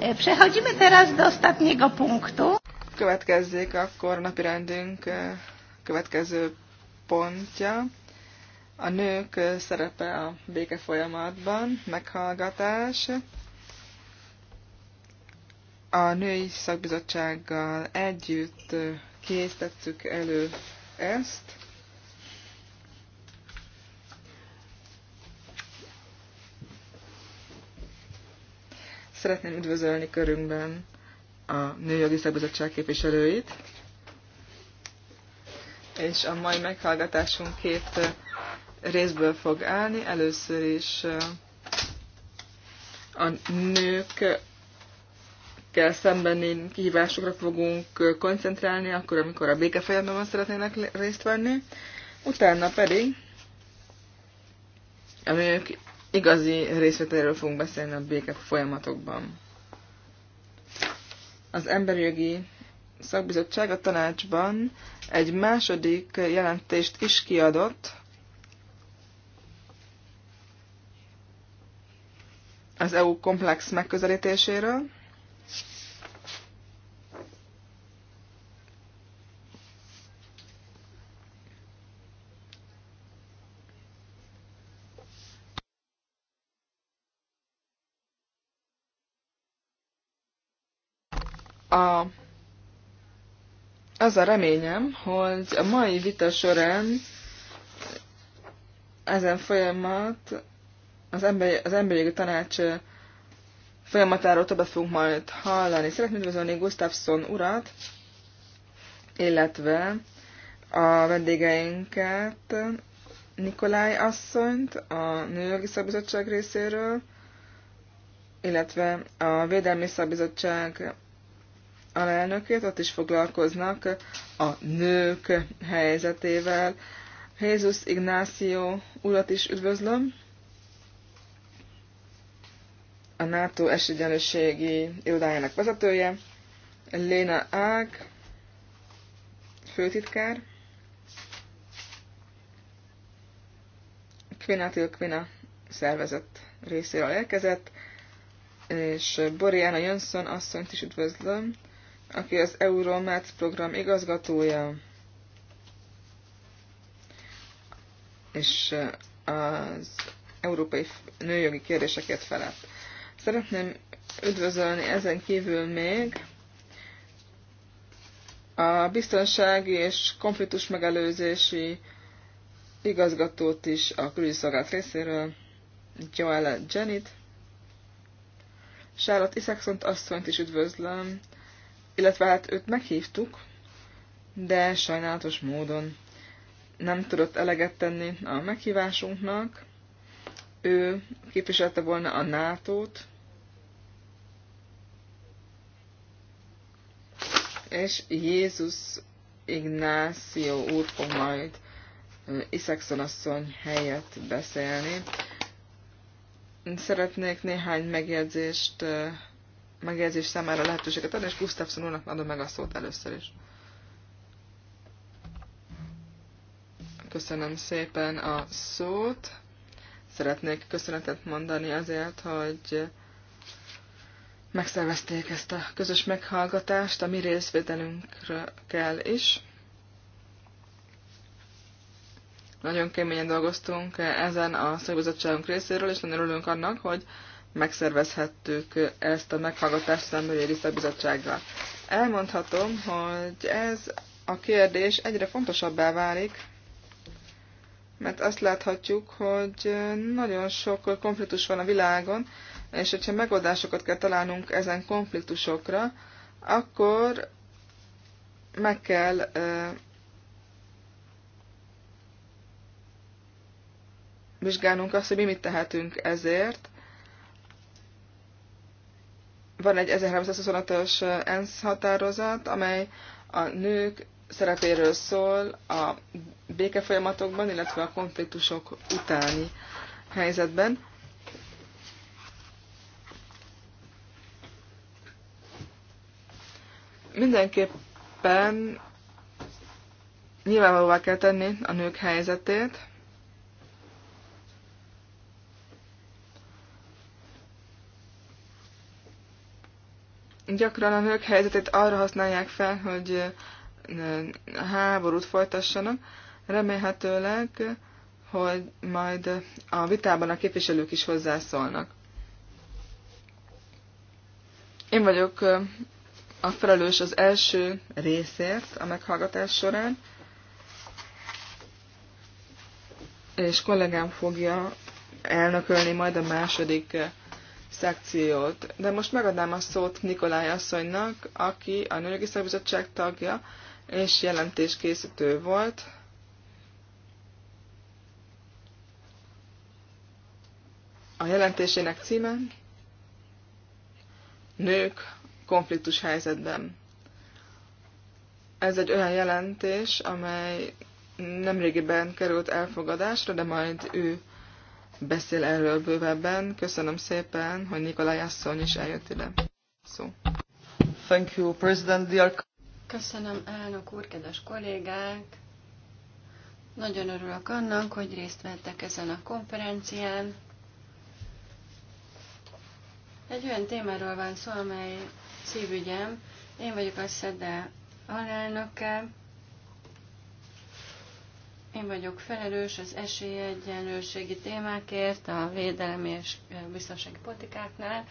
E, przechodzimy teraz do ostatniego punktu. Következzék akkor napirendünk e, következő pontja. A nők e, szerepe a béke folyamatban, meghallgatás. A női szakbizottsággal együtt készítettük elő ezt. Szeretném üdvözölni körünkben a Nőjogi Szakbizottság képviselőit, és a mai meghallgatásunk két részből fog állni. Először is eh, a nők kell szembeni kihívásokra fogunk eh, koncentrálni, akkor, amikor a béke folyamában szeretnének részt venni. Utána pedig a nők igazi részvételről fogunk beszélni a béke folyamatokban. Az emberi jogi szakbizottság a tanácsban egy második jelentést is kiadott, az EU komplex megközelítéséről, A, az a reményem, hogy a mai vita során ezen folyamat az emberi, az emberi jogi tanács folyamatáról többet fogunk majd hallani. Szeretném üdvözölni Gustafsson urat, illetve a vendégeinket, Nikolaj asszonyt a Nőjogi Szabizottság részéről, illetve a Védelmi Szabizottság alelnökét, ott is foglalkoznak a nők helyzetével. Jézus Ignácio urat is üdvözlöm. A NATO esegyenlőségi irodájának vezetője, Léna Ág, főtitkár, Kvinatil Kvina szervezet részéről érkezett, és Boriana Jönsson asszonyt is üdvözlöm, aki az Euromax program igazgatója, és eh, az európai nőjogi kérdéseket felett. Szeretném üdvözölni ezen kívül még a biztonsági és konfliktus megelőzési igazgatót is a külügyi szolgálat részéről, Joella Jenit, Charlotte Isaacson asszonyt is üdvözlöm, illetve hát őt meghívtuk, de sajnálatos módon nem tudott eleget tenni a meghívásunknak. Ő képviselte volna a NATO-t, és Jézus Ignácio úr fog majd Iszekszon asszony helyett beszélni. Szeretnék néhány megjegyzést megjegyzés számára lehetőséget adni, és Gustafsson úrnak adom meg a szót először is. Köszönöm szépen a szót. Szeretnék köszönetet mondani azért, hogy megszervezték ezt a közös meghallgatást, a mi részvételünkre kell is. Nagyon keményen dolgoztunk ezen a szakbizottságunk részéről, és nagyon örülünk annak, hogy megszervezhettük ezt a meghallgatást szemmőjéri szabizottsággal. Elmondhatom, hogy ez a kérdés egyre fontosabbá válik, mert azt láthatjuk, hogy nagyon sok konfliktus van a világon, és hogyha megoldásokat kell találnunk ezen konfliktusokra, akkor meg kell vizsgálnunk azt, hogy mi mit tehetünk ezért, van egy 1325-ös ENSZ határozat, amely a nők szerepéről szól a békefolyamatokban, illetve a konfliktusok utáni helyzetben. Mindenképpen nyilvánvalóvá kell tenni a nők helyzetét, Gyakran a nők helyzetét arra használják fel, hogy háborút folytassanak. Remélhetőleg, hogy majd a vitában a képviselők is hozzászólnak. Én vagyok a felelős az első részért a meghallgatás során, és kollégám fogja elnökölni majd a második szekciót. De most megadnám a szót Nikolaj asszonynak, aki a Nőjogi Szakbizottság tagja és jelentéskészítő volt. A jelentésének címe Nők konfliktus helyzetben. Ez egy olyan jelentés, amely nemrégiben került elfogadásra, de majd ő beszél erről bővebben. Köszönöm szépen, hogy Nikolaj asszony is eljött ide. Szó. Thank you, President. Dear... Köszönöm, elnök úr, kedves kollégák! Nagyon örülök annak, hogy részt vettek ezen a konferencián. Egy olyan témáról van szó, amely szívügyem. Én vagyok a SZEDE alelnöke, én vagyok felelős az esélyegyenlőségi témákért, a védelem és biztonsági politikáknál.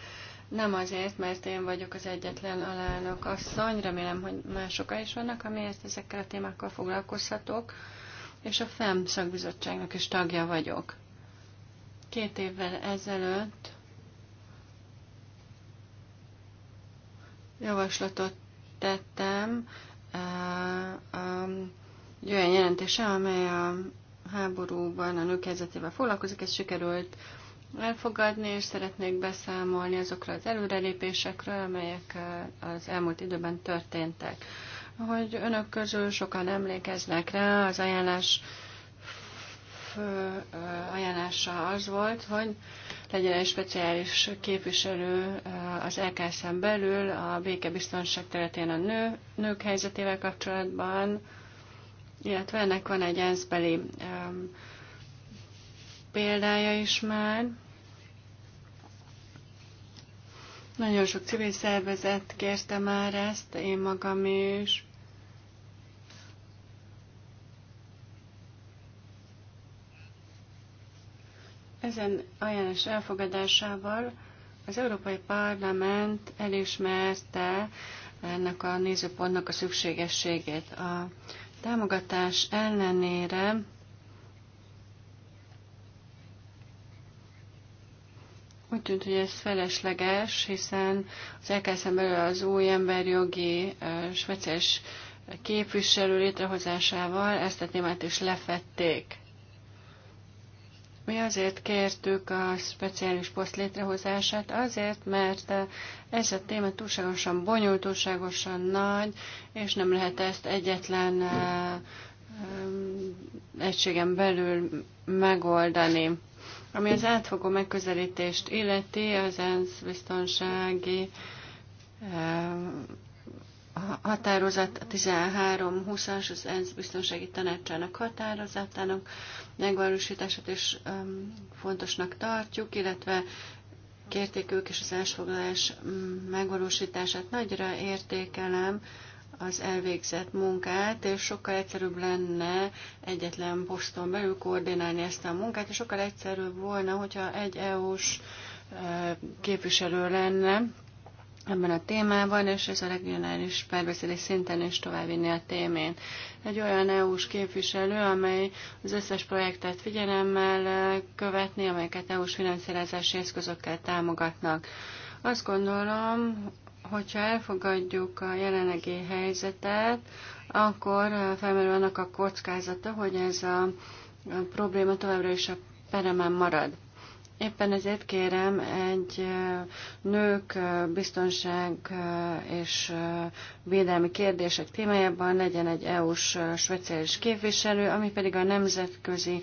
Nem azért, mert én vagyok az egyetlen alelnök asszony, remélem, hogy mások is vannak, amiért ezekkel a témákkal foglalkozhatok, és a FEM szakbizottságnak is tagja vagyok. Két évvel ezelőtt javaslatot tettem egy olyan jelentése, amely a háborúban a nők helyzetével foglalkozik, ez sikerült elfogadni, és szeretnék beszámolni azokra az előrelépésekről, amelyek az elmúlt időben történtek. Ahogy önök közül sokan emlékeznek rá, az ajánlás fő ajánlása az volt, hogy legyen egy speciális képviselő az LKSZ-en belül a békebiztonság területén a nő, nők helyzetével kapcsolatban, illetve ennek van egy ensz um, példája is már. Nagyon sok civil szervezet kérte már ezt, én magam is. Ezen ajánlás elfogadásával az Európai Parlament elismerte ennek a nézőpontnak a szükségességét. A támogatás ellenére úgy tűnt, hogy ez felesleges, hiszen az LKSZ-en belül az új emberjogi speciális képviselő létrehozásával ezt a témát is lefették. Mi azért kértük a speciális poszt létrehozását, azért, mert ez a téma túlságosan bonyolult, túlságosan nagy, és nem lehet ezt egyetlen egységen belül megoldani. Ami az átfogó megközelítést illeti, az ENSZ biztonsági a határozat a 13-20-as, az ENSZ biztonsági tanácsának határozatának megvalósítását is um, fontosnak tartjuk, illetve kérték ők is az elsfoglalás um, megvalósítását. Nagyra értékelem az elvégzett munkát, és sokkal egyszerűbb lenne egyetlen poszton belül koordinálni ezt a munkát, és sokkal egyszerűbb volna, hogyha egy EU-s uh, képviselő lenne, ebben a témában, és ez a regionális párbeszédés szinten is továbbvinni a témén. Egy olyan EU-s képviselő, amely az összes projektet figyelemmel követni, amelyeket EU-s finanszírozási eszközökkel támogatnak. Azt gondolom, hogyha elfogadjuk a jelenlegi helyzetet, akkor felmerül annak a kockázata, hogy ez a probléma továbbra is a peremen marad. Éppen ezért kérem egy nők biztonság és védelmi kérdések témájában legyen egy EU-s speciális képviselő, ami pedig a nemzetközi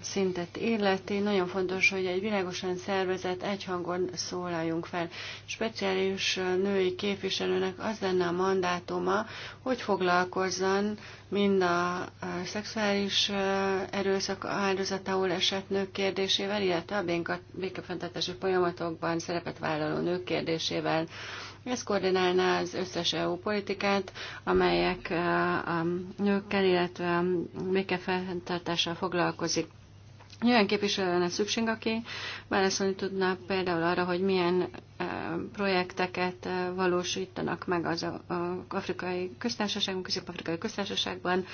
szintet illeti. Nagyon fontos, hogy egy világosan szervezett egyhangon szólaljunk fel. Speciális női képviselőnek az lenne a mandátuma, hogy foglalkozzon mind a szexuális erőszak áldozatául esett nők kérdésével, illetve a békefenntartási folyamatokban szerepet vállaló nők kérdésével. Ez koordinálná az összes EU politikát, amelyek a nőkkel, illetve a békefenntartással foglalkozik. Olyan képviselő lenne szükség, aki válaszolni tudna például arra, hogy milyen projekteket valósítanak meg az afrikai köztársaságban, közép-afrikai köztársaságban,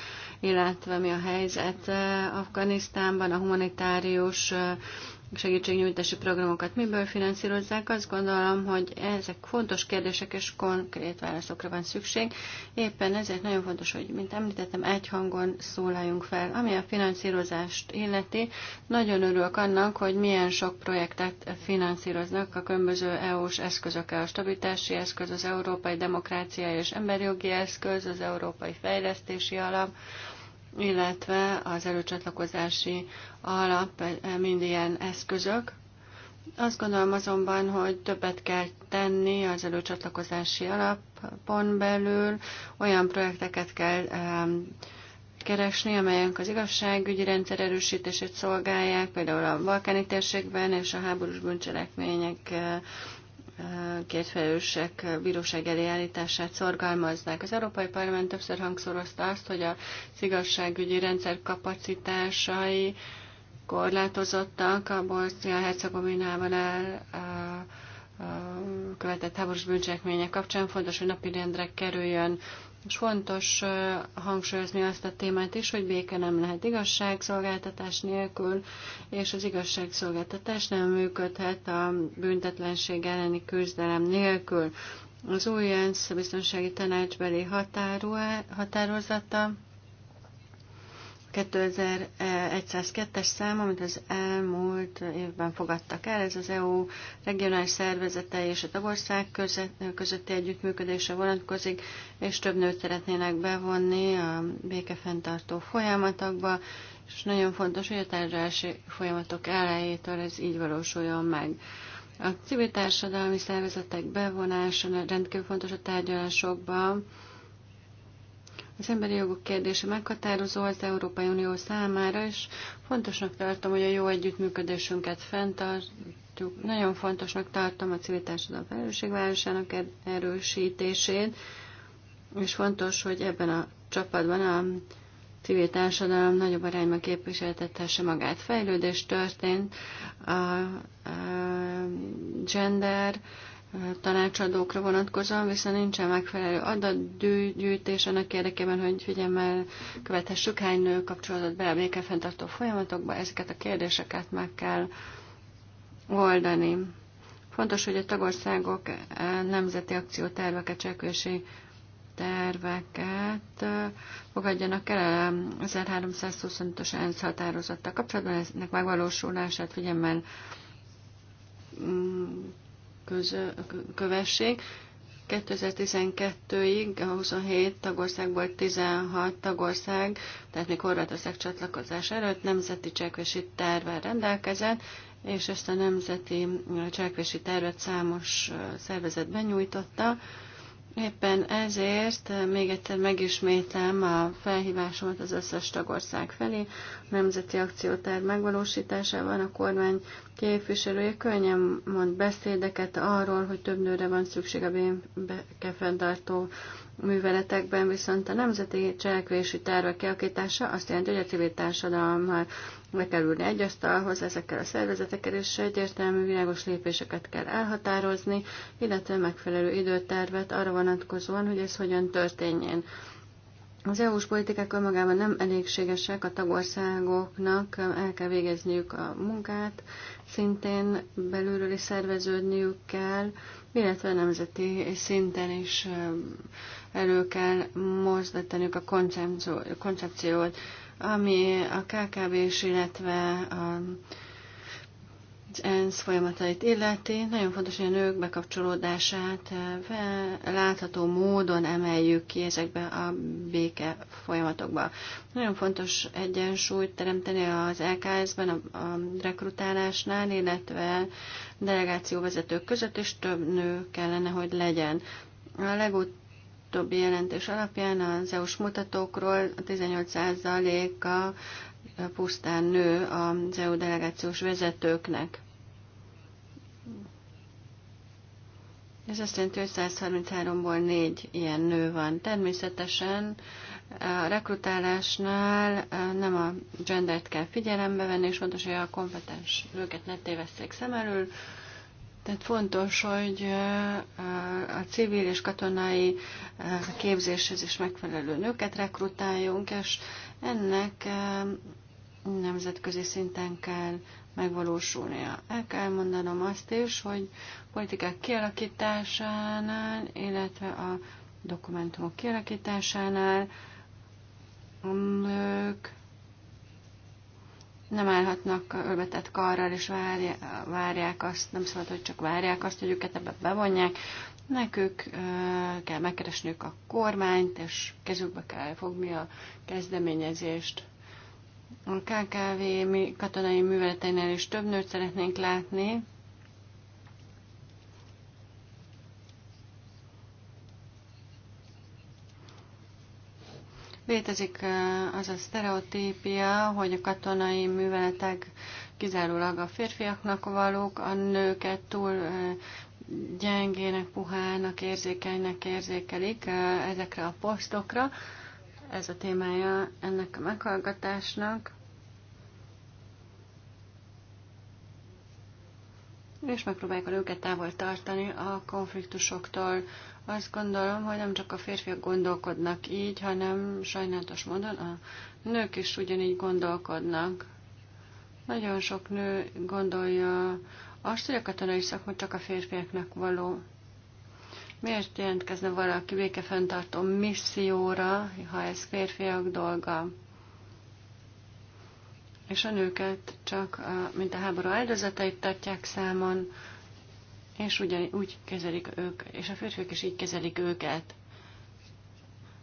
illetve mi a helyzet Afganisztánban, a humanitárius segítségnyújtási programokat miből finanszírozzák, azt gondolom, hogy ezek fontos kérdések és konkrét válaszokra van szükség. Éppen ezért nagyon fontos, hogy, mint említettem, egy hangon szólaljunk fel. Ami a finanszírozást illeti, nagyon örülök annak, hogy milyen sok projektet finanszíroznak a különböző EU-s eszközökkel. A stabilitási eszköz, az Európai Demokrácia és Emberjogi Eszköz, az Európai Fejlesztési Alap, illetve az előcsatlakozási alap mind ilyen eszközök. Azt gondolom azonban, hogy többet kell tenni az előcsatlakozási alapon belül, olyan projekteket kell keresni, amelyek az igazságügyi rendszer erősítését szolgálják, például a balkáni térségben és a háborús bűncselekmények kétfelelősek bíróság elé állítását szorgalmaznák. Az Európai Parlament többször hangszorozta azt, hogy a igazságügyi rendszer kapacitásai korlátozottak a Bosznia-Hercegovinában el követett háborús bűncselekmények kapcsán fontos, hogy napirendre kerüljön és fontos hangsúlyozni azt a témát is, hogy béke nem lehet igazságszolgáltatás nélkül, és az igazságszolgáltatás nem működhet a büntetlenség elleni küzdelem nélkül. Az új ENSZ biztonsági tanácsbeli határozata 2102-es szám, amit az elmúlt évben fogadtak el, ez az EU regionális szervezete és a tagország közötti együttműködésre vonatkozik, és több nőt szeretnének bevonni a békefenntartó folyamatokba, és nagyon fontos, hogy a tárgyalási folyamatok elejétől ez így valósuljon meg. A civil társadalmi szervezetek bevonása rendkívül fontos a tárgyalásokban, az emberi jogok kérdése meghatározó az Európai Unió számára, és fontosnak tartom, hogy a jó együttműködésünket fenntartjuk. Nagyon fontosnak tartom a civil társadalom felelősségvárosának er- erősítését, és fontos, hogy ebben a csapatban a civil társadalom nagyobb arányban képviseltethesse magát. Fejlődés történt, a, a gender, tanácsadókra vonatkozóan, viszont nincsen megfelelő adatgyűjtés annak érdekében, hogy figyelmel követhessük, hány nő kapcsolatot be a békefenntartó folyamatokba, ezeket a kérdéseket meg kell oldani. Fontos, hogy a tagországok eh, nemzeti akcióterveket, cselekvési terveket eh, fogadjanak el 1325-ös ENSZ határozattal kapcsolatban, ennek megvalósulását figyelmel mm, közö, kövessék. 2012-ig a 27 tagországból 16 tagország, tehát még Horvátország csatlakozás előtt nemzeti cselekvési tervvel rendelkezett, és ezt a nemzeti cselekvési tervet számos szervezetben nyújtotta. Éppen ezért eh, még egyszer megismétlem a felhívásomat az összes tagország felé. A Nemzeti Akcióterv megvalósításában a kormány képviselője könnyen mond beszédeket arról, hogy több nőre van szükség a békefenntartó műveletekben viszont a nemzeti cselekvési tervek kialakítása azt jelenti, hogy a civil társadalommal le kell egy asztalhoz, ezekkel a szervezetekkel és egyértelmű világos lépéseket kell elhatározni, illetve megfelelő időtervet arra vonatkozóan, hogy ez hogyan történjen. Az EU-s politikák önmagában nem elégségesek, a tagországoknak el kell végezniük a munkát, szintén belülről is szerveződniük kell, illetve nemzeti szinten is elő kell mozdítanunk a koncepciót, ami a kkb és illetve a, az ENSZ folyamatait illeti. Nagyon fontos, hogy a nők bekapcsolódását eh, látható módon emeljük ki ezekbe a béke folyamatokba. Nagyon fontos egyensúlyt teremteni az LKS-ben, a, a rekrutálásnál, illetve delegációvezetők között, és több nő kellene, hogy legyen. A legut legutóbbi jelentés alapján az EU-s mutatókról 18%-a pusztán nő az EU delegációs vezetőknek. Ez azt jelenti, hogy 133-ból 4 ilyen nő van. Természetesen a rekrutálásnál nem a gendert kell figyelembe venni, és fontos, hogy a kompetens nőket ne tévesszék szem elől, tehát fontos, hogy a civil és katonai képzéshez is megfelelő nőket rekrutáljunk, és ennek nemzetközi szinten kell megvalósulnia. El kell mondanom azt is, hogy politikák kialakításánál, illetve a dokumentumok kialakításánál a nők nem állhatnak ölbetett karral, és várják azt, nem szabad, hogy csak várják azt, hogy őket ebbe bevonják. Nekük kell megkeresniük a kormányt, és kezükbe kell fogni a kezdeményezést. A KKV katonai műveleteinél is több nőt szeretnénk látni, Létezik az a sztereotípia, hogy a katonai műveletek kizárólag a férfiaknak valók, a nőket túl gyengének, puhának, érzékenynek érzékelik ezekre a posztokra. Ez a témája ennek a meghallgatásnak. És megpróbálják a nőket távol tartani a konfliktusoktól, azt gondolom, hogy nem csak a férfiak gondolkodnak így, hanem sajnálatos módon a nők is ugyanígy gondolkodnak. Nagyon sok nő gondolja azt, hogy a katonai szakma csak a férfiaknak való. Miért jelentkezne valaki békefenntartó misszióra, ha ez férfiak dolga? És a nőket csak, mint a háború áldozatait tartják számon, és úgy kezelik ők, és a férfiak is így kezelik őket.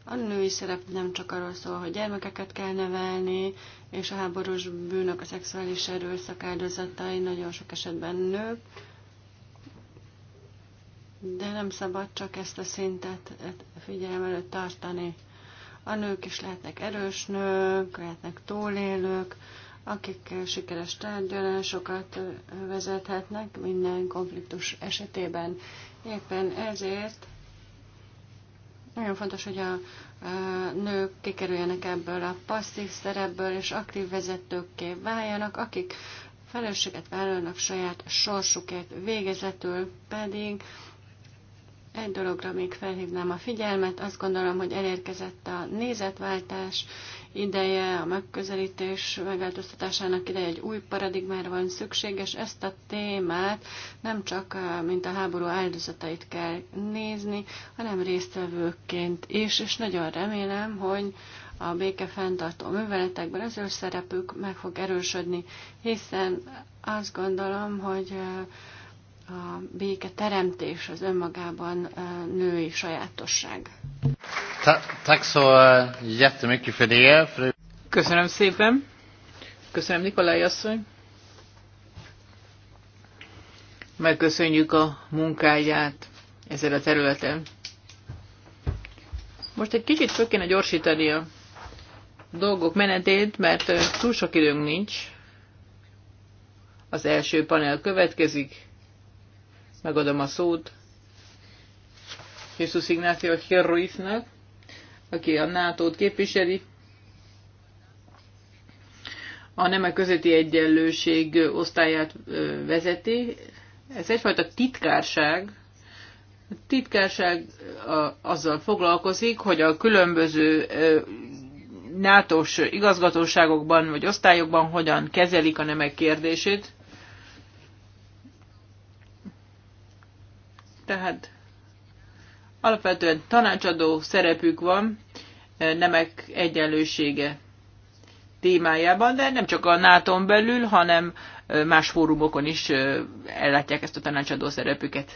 A női szerep nem csak arról szól, hogy gyermekeket kell nevelni, és a háborús bűnök, a szexuális erőszak áldozatai nagyon sok esetben nők, de nem szabad csak ezt a szintet figyelem előtt tartani. A nők is lehetnek erős nők, lehetnek túlélők, akik sikeres tárgyalásokat vezethetnek minden konfliktus esetében. Éppen ezért nagyon fontos, hogy a nők kikerüljenek ebből a passzív szerepből, és aktív vezetőkké váljanak, akik felelősséget vállalnak saját sorsukért. Végezetül pedig egy dologra még felhívnám a figyelmet, azt gondolom, hogy elérkezett a nézetváltás, ideje, a megközelítés megváltoztatásának ideje, egy új paradigmára van szükség, és ezt a témát nem csak eh, mint a háború áldozatait kell nézni, hanem résztvevőként is, és nagyon remélem, hogy a béke fenntartó műveletekben az ő szerepük meg fog erősödni, hiszen azt gondolom, hogy eh, a béke teremtés az önmagában női sajátosság. Eh, Köszönöm szépen. Köszönöm Nikolai asszony. Megköszönjük a munkáját ezen a területen. Most egy kicsit föl kéne gyorsítani a dolgok menetét, mert túl sok időnk nincs. Az első panel következik. Megadom a szót Jesus Ignacio Herruiznak, aki a NATO-t képviseli. A nemek közötti egyenlőség osztályát vezeti. Ez egyfajta titkárság. A titkárság azzal foglalkozik, hogy a különböző NATO-s igazgatóságokban vagy osztályokban hogyan kezelik a nemek kérdését. Tehát alapvetően tanácsadó szerepük van eh, nemek egyenlősége témájában, de nem csak a nato belül, hanem eh, más fórumokon is eh, ellátják ezt a tanácsadó szerepüket.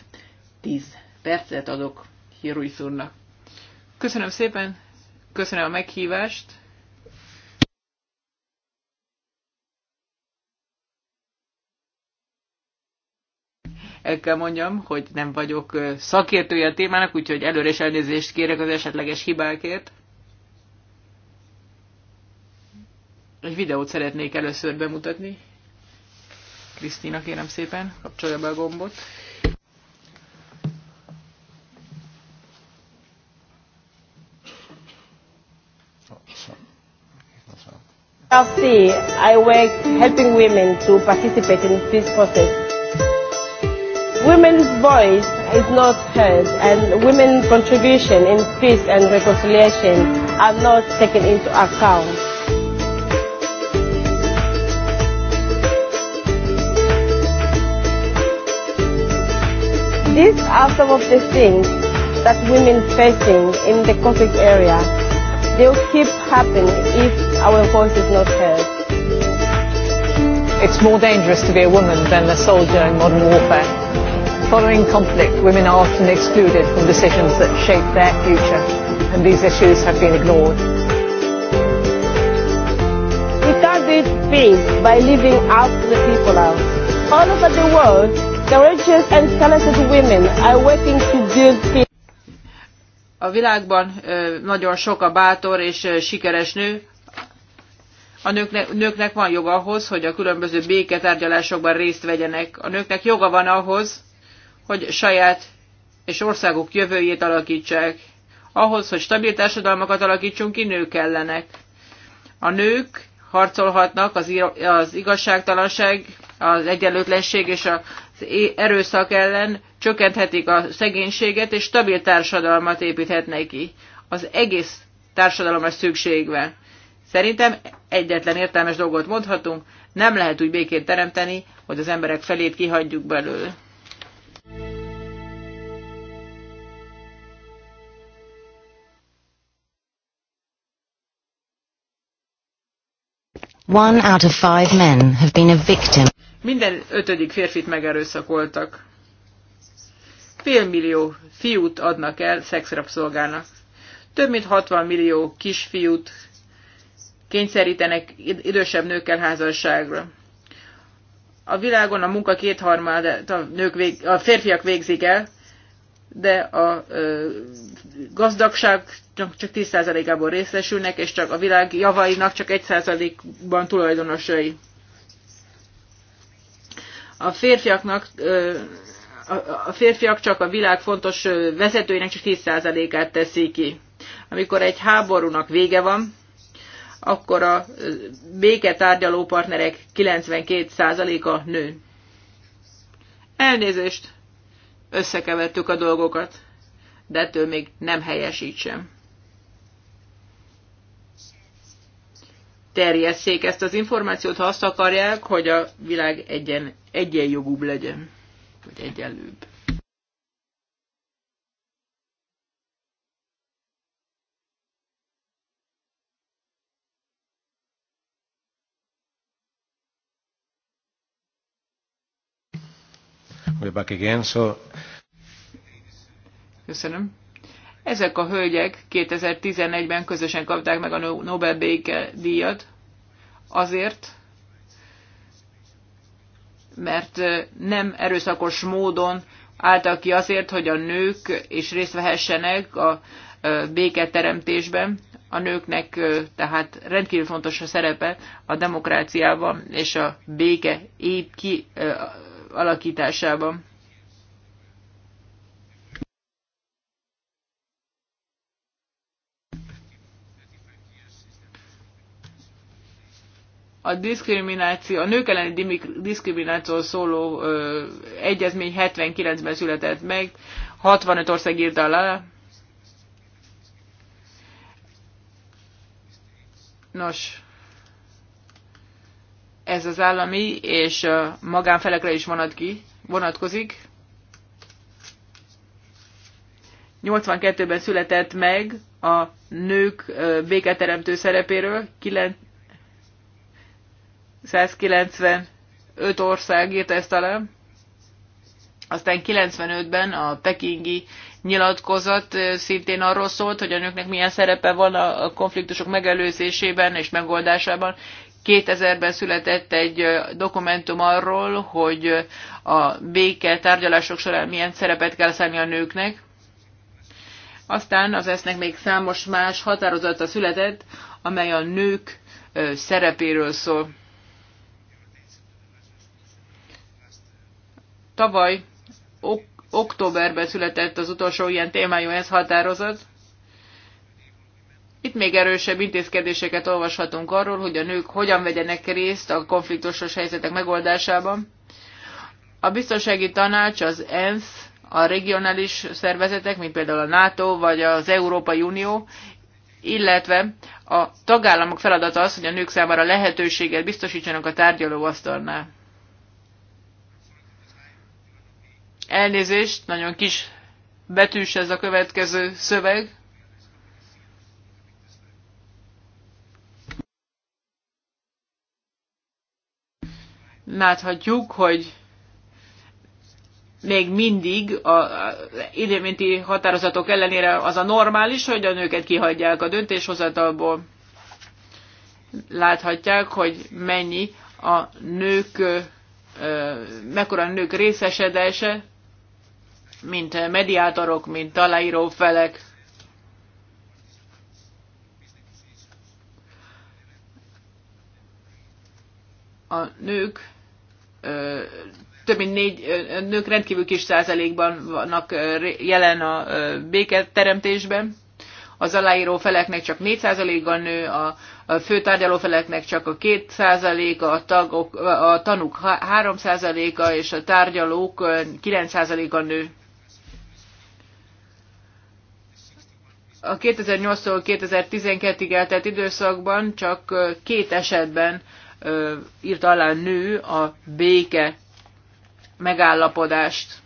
Tíz percet adok Hiruisz úrnak. Köszönöm szépen, köszönöm a meghívást. el kell mondjam, hogy nem vagyok szakértője a témának, úgyhogy előre is elnézést kérek az esetleges hibákért. Egy videót szeretnék először bemutatni. Krisztina, kérem szépen, kapcsolja be a gombot. LC, I work helping women to participate in this process women's voice is not heard and women's contribution in peace and reconciliation are not taken into account. These are some of the things that women facing in the conflict area. They will keep happening if our voice is not heard. It's more dangerous to be a woman than a soldier in modern warfare Following conflict, women are often excluded from decisions that shape their future, and these issues have been ignored. We can't beat peace by leaving out the people out. All over the world, the richest and talented women are working to build peace. A világban nagyon sok a bátor és sikeres nő, a nőknek, nőknek van joga ahhoz, hogy a különböző béketárgyalásokban részt vegyenek. A nőknek joga van ahhoz, hogy saját és országuk jövőjét alakítsák. Ahhoz, hogy stabil társadalmakat alakítsunk ki, nők kellenek. A nők harcolhatnak az, az igazságtalanság, az egyenlőtlenség és az erőszak ellen, csökkenthetik a szegénységet, és stabil társadalmat építhetnek ki. Az egész társadalom a van. Szerintem egyetlen értelmes dolgot mondhatunk, nem lehet úgy békét teremteni, hogy az emberek felét kihagyjuk belőle. One out of five men have been a victim. Minden ötödik férfit megerőszakoltak. Félmillió fiút adnak el szexrapszolgának. Több mint 60 millió kisfiút kényszerítenek idősebb nőkkel házasságra. A világon a munka kétharmadát a, nők vég, a férfiak végzik el, de a gazdagság csak 10%-ából részesülnek, és csak a világ javainak csak 1%-ban tulajdonosai. A férfiaknak a férfiak csak a világ fontos vezetőinek csak 10%-át teszi ki. Amikor egy háborúnak vége van, akkor a tárgyaló partnerek 92%-a nő. Elnézést! összekevertük a dolgokat, de ettől még nem helyesítsem. Terjesszék ezt az információt, ha azt akarják, hogy a világ egyen, egyenjogúbb legyen, vagy egyenlőbb. back again, so... Köszönöm. Ezek a hölgyek 2011-ben közösen kapták meg a Nobel díjat. azért, mert nem erőszakos módon álltak ki azért, hogy a nők is részt vehessenek a béketeremtésben. A nőknek tehát rendkívül fontos a szerepe a demokráciában és a béke épp ki, alakításában. a diszkrimináció, a nők elleni diszkrimináció szóló ö, egyezmény 79-ben született meg, 65 ország írta alá. Nos, ez az állami és magánfelekre is vonat ki, vonatkozik. 82-ben született meg a nők béketeremtő szerepéről, 195 ország írta ezt alá. Aztán 95-ben a pekingi nyilatkozat szintén arról szólt, hogy a nőknek milyen szerepe van a konfliktusok megelőzésében és megoldásában. 2000-ben született egy dokumentum arról, hogy a béke tárgyalások során milyen szerepet kell szállni a nőknek. Aztán az esznek még számos más határozata született, amely a nők szerepéről szól. Tavaly ok- októberben született az utolsó ilyen témájú ez határozat, itt még erősebb intézkedéseket olvashatunk arról, hogy a nők hogyan vegyenek részt a konfliktusos helyzetek megoldásában. A biztonsági tanács, az ENSZ, a regionális szervezetek, mint például a NATO vagy az Európai Unió, illetve a tagállamok feladata az, hogy a nők számára lehetőséget biztosítsanak a tárgyalóasztalnál. Elnézést, nagyon kis betűs ez a következő szöveg. láthatjuk, hogy még mindig a időménti határozatok ellenére az a normális, hogy a nőket kihagyják a döntéshozatalból. Láthatják, hogy mennyi a nők, mekkora a nők részesedése, mint mediátorok, mint aláíró felek. A nők több mint négy nők rendkívül kis százalékban vannak jelen a béketeremtésben. Az aláíró feleknek csak 4 a nő, a fő tárgyaló feleknek csak a 2 százalék, a, tagok, a tanuk 3 százaléka és a tárgyalók 9 százaléka nő. A 2008-tól 2012-ig eltelt időszakban csak két esetben írt alá nő a béke megállapodást.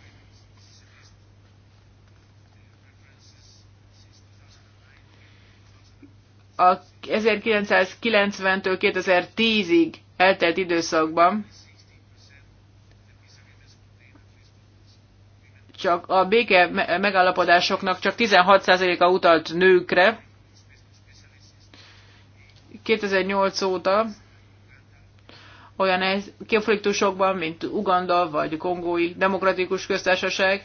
A 1990-től 2010-ig eltelt időszakban csak a béke megállapodásoknak csak 16%-a utalt nőkre. 2008 óta olyan konfliktusokban, mint Uganda vagy Kongói Demokratikus Köztársaság.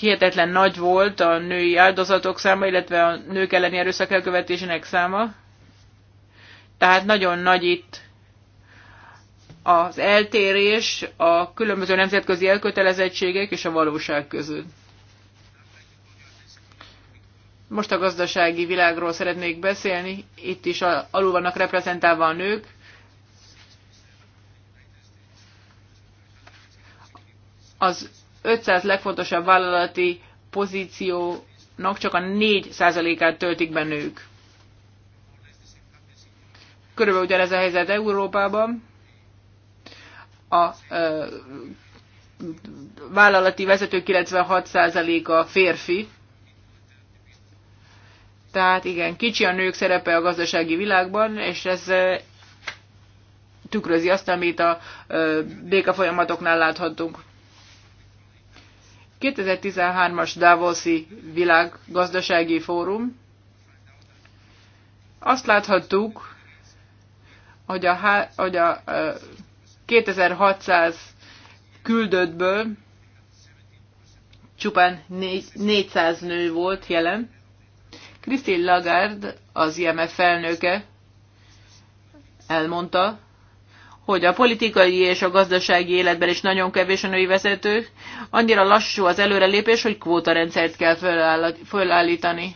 Hihetetlen nagy volt a női áldozatok száma, illetve a nők elleni erőszak elkövetésének száma. Tehát nagyon nagy itt az eltérés a különböző nemzetközi elkötelezettségek és a valóság között. Most a gazdasági világról szeretnék beszélni. Itt is alul vannak reprezentálva a nők. az 500 legfontosabb vállalati pozíciónak csak a 4%-át töltik be nők. Körülbelül ugyanez a helyzet Európában. A ö, vállalati vezető 96%-a férfi. Tehát igen, kicsi a nők szerepe a gazdasági világban, és ez tükrözi azt, amit a béka folyamatoknál láthatunk. 2013-as Davoszi világgazdasági fórum. Azt láthattuk, hogy a, hogy a 2600 küldöttből csupán 400 nő volt jelen. Christine Lagarde, az IMF felnöke elmondta, hogy a politikai és a gazdasági életben is nagyon kevés a női vezető, annyira lassú az előrelépés, hogy kvótarendszert kell fölállítani.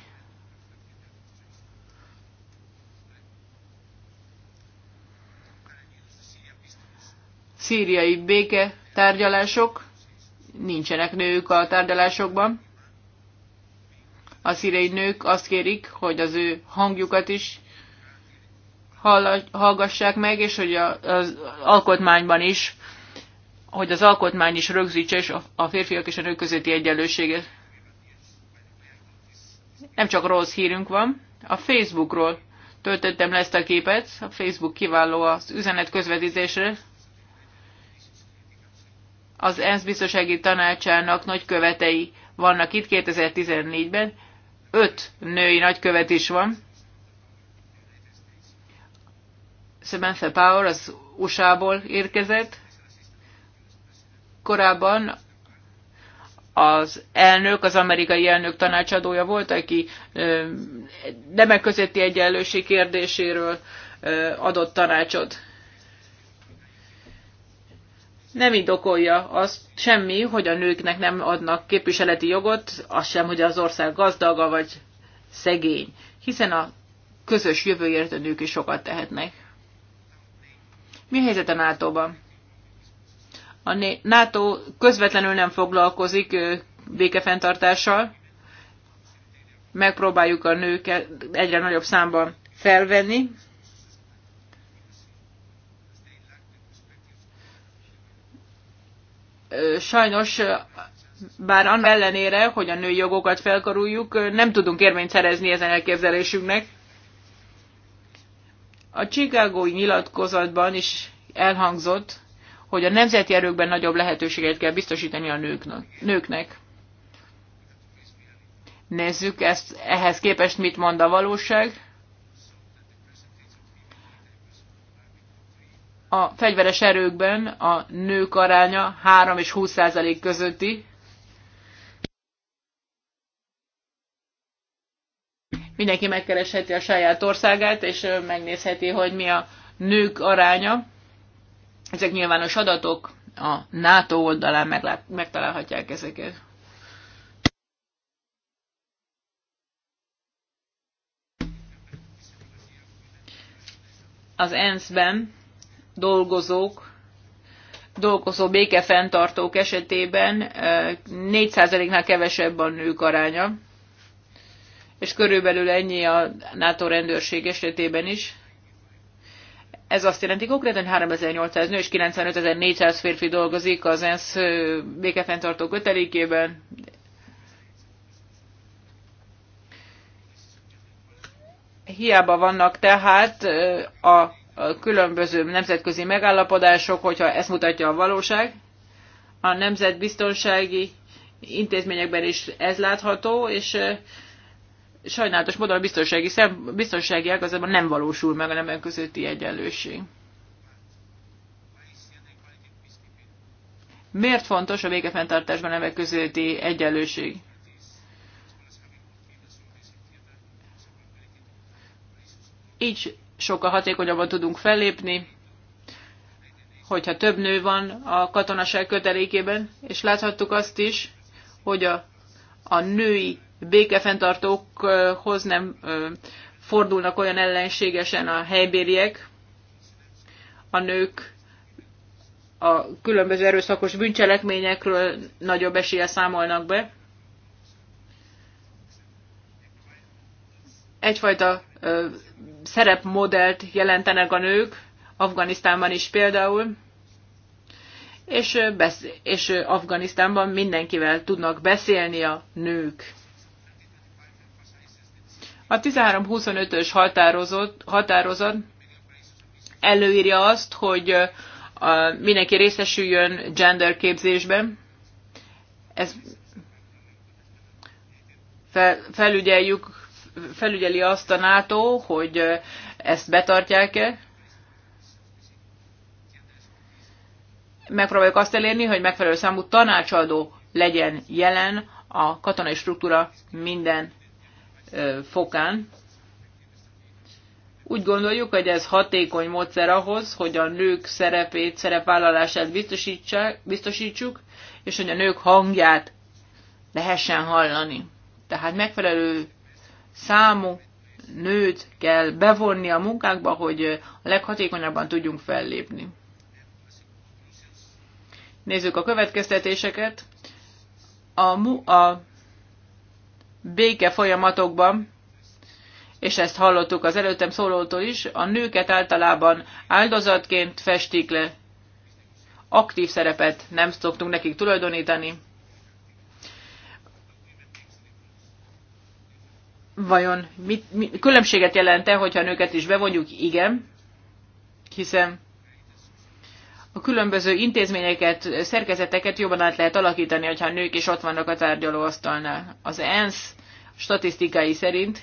Szíriai béke tárgyalások, nincsenek nők a tárgyalásokban. A szíriai nők azt kérik, hogy az ő hangjukat is hallgassák meg, és hogy az alkotmányban is, hogy az alkotmány is rögzítse és a férfiak és a nők közötti egyenlőséget. Nem csak rossz hírünk van, a Facebookról töltöttem le ezt a képet, a Facebook kiváló az üzenet közvetítésre. Az ENSZ biztonsági tanácsának nagykövetei vannak itt 2014-ben, öt női nagykövet is van, Samantha Power az USA-ból érkezett. Korábban az elnök, az amerikai elnök tanácsadója volt, aki nemek közötti egyenlőség kérdéséről adott tanácsot. Nem indokolja azt semmi, hogy a nőknek nem adnak képviseleti jogot, az sem, hogy az ország gazdaga vagy szegény, hiszen a közös jövőért a nők is sokat tehetnek. Mi a helyzet a NATO-ban? A NATO közvetlenül nem foglalkozik békefenntartással, megpróbáljuk a nőket egyre nagyobb számban felvenni. Sajnos, bár annak ellenére, hogy a női jogokat felkaruljuk, nem tudunk érvényt szerezni ezen elképzelésünknek. A Chicagói nyilatkozatban is elhangzott, hogy a nemzeti erőkben nagyobb lehetőséget kell biztosítani a nőknek. Nézzük ezt, ehhez képest mit mond a valóság. A fegyveres erőkben a nők aránya 3 és 20 százalék közötti, mindenki megkeresheti a saját országát, és megnézheti, hogy mi a nők aránya. Ezek nyilvános adatok, a NATO oldalán megtalálhatják ezeket. Az ENSZ-ben dolgozók, dolgozó békefenntartók esetében 4%-nál kevesebb a nők aránya és körülbelül ennyi a NATO rendőrség esetében is. Ez azt jelenti konkrétan, hogy 3800 nő és 95400 férfi dolgozik az ENSZ békefenntartó kötelékében. Hiába vannak tehát a különböző nemzetközi megállapodások, hogyha ezt mutatja a valóság. A nemzetbiztonsági intézményekben is ez látható, és sajnálatos módon a biztonsági, szem, biztonsági ágazatban nem valósul meg a nemek közötti egyenlőség. Miért fontos a végefenntartásban nemek közötti egyenlőség? Így sokkal hatékonyabban tudunk fellépni, hogyha több nő van a katonaság kötelékében, és láthattuk azt is, hogy a, a női békefenntartókhoz nem fordulnak olyan ellenségesen a helybériek, a nők a különböző erőszakos bűncselekményekről nagyobb esélye számolnak be. Egyfajta ö, szerepmodellt jelentenek a nők, Afganisztánban is például, és, besz- és Afganisztánban mindenkivel tudnak beszélni a nők. A 13-25-ös határozat, előírja azt, hogy mindenki részesüljön gender képzésben. Ez felügyeljük, felügyeli azt a NATO, hogy ezt betartják-e. Megpróbáljuk azt elérni, hogy megfelelő számú tanácsadó legyen jelen a katonai struktúra minden fokán. Úgy gondoljuk, hogy ez hatékony módszer ahhoz, hogy a nők szerepét, szerepvállalását biztosítsuk, és hogy a nők hangját lehessen hallani. Tehát megfelelő számú nőt kell bevonni a munkákba, hogy a leghatékonyabban tudjunk fellépni. Nézzük a következtetéseket. A, mu- a béke folyamatokban, és ezt hallottuk az előttem szólótól is, a nőket általában áldozatként festik le. Aktív szerepet nem szoktunk nekik tulajdonítani. Vajon mit, mi, különbséget jelente, hogyha a nőket is bevonjuk? Igen, hiszen a különböző intézményeket, szerkezeteket jobban át lehet alakítani, hogyha a nők is ott vannak a tárgyalóasztalnál. Az ENSZ statisztikái szerint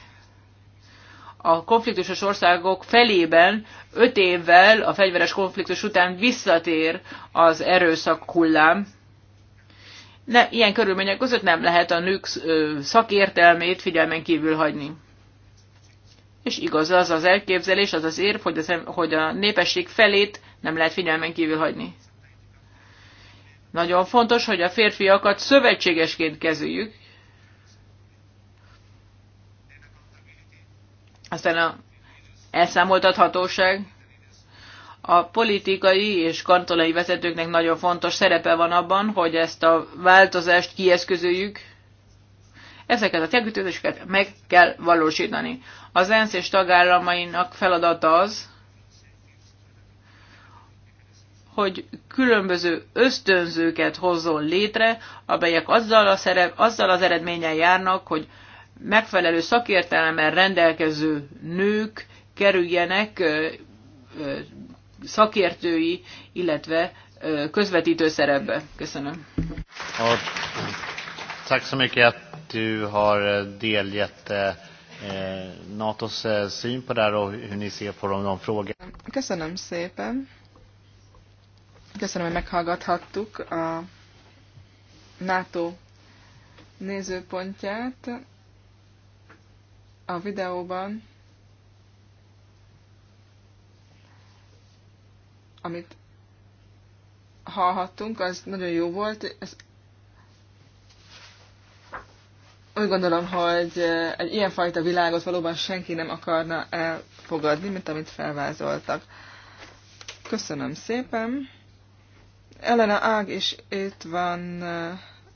a konfliktusos országok felében öt évvel a fegyveres konfliktus után visszatér az erőszak hullám. Ne, ilyen körülmények között nem lehet a nők szakértelmét figyelmen kívül hagyni. És igaz az az elképzelés, az az érv, hogy, az, hogy a népesség felét nem lehet figyelmen kívül hagyni. Nagyon fontos, hogy a férfiakat szövetségesként kezeljük, Aztán a hatóság. A politikai és kantonai vezetőknek nagyon fontos szerepe van abban, hogy ezt a változást kieszközöljük. Ezeket a célkütőzéseket meg kell valósítani. Az ENSZ és tagállamainak feladata az, hogy különböző ösztönzőket hozzon létre, amelyek azzal, a szerep, azzal az eredménnyel járnak, hogy megfelelő szakértelemmel rendelkező nők kerüljenek szakértői, illetve közvetítő szerepbe. Köszönöm. Tack så mycket att du har eh, delgett eh, eh, NATOs syn på det här och hur ni ser på de frågorna. Köszönöm szépen. Köszönöm, hogy meghallgathattuk a NATO nézőpontját a videóban, amit hallhattunk, az nagyon jó volt. Ez úgy gondolom, hogy egy ilyenfajta világot valóban senki nem akarna elfogadni, mint amit felvázoltak. Köszönöm szépen. Elena Ág is itt van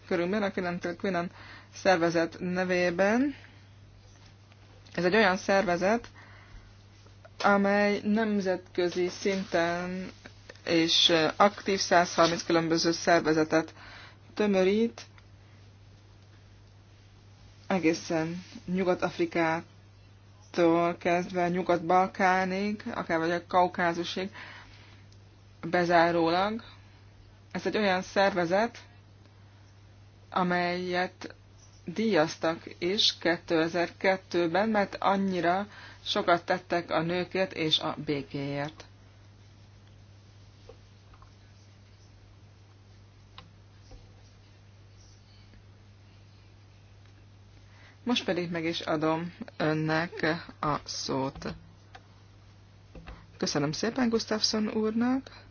körülbelül a Quinan szervezet nevében. Ez egy olyan szervezet, amely nemzetközi szinten és eh, aktív 130 különböző szervezetet tömörít, egészen Nyugat-Afrikától kezdve Nyugat-Balkánig, akár vagy a Kaukázusig bezárólag. Ez egy olyan szervezet, amelyet díjaztak is 2002-ben, mert annyira sokat tettek a nőkért és a békéért. Most pedig meg is adom önnek a szót. Köszönöm szépen Gustafsson úrnak.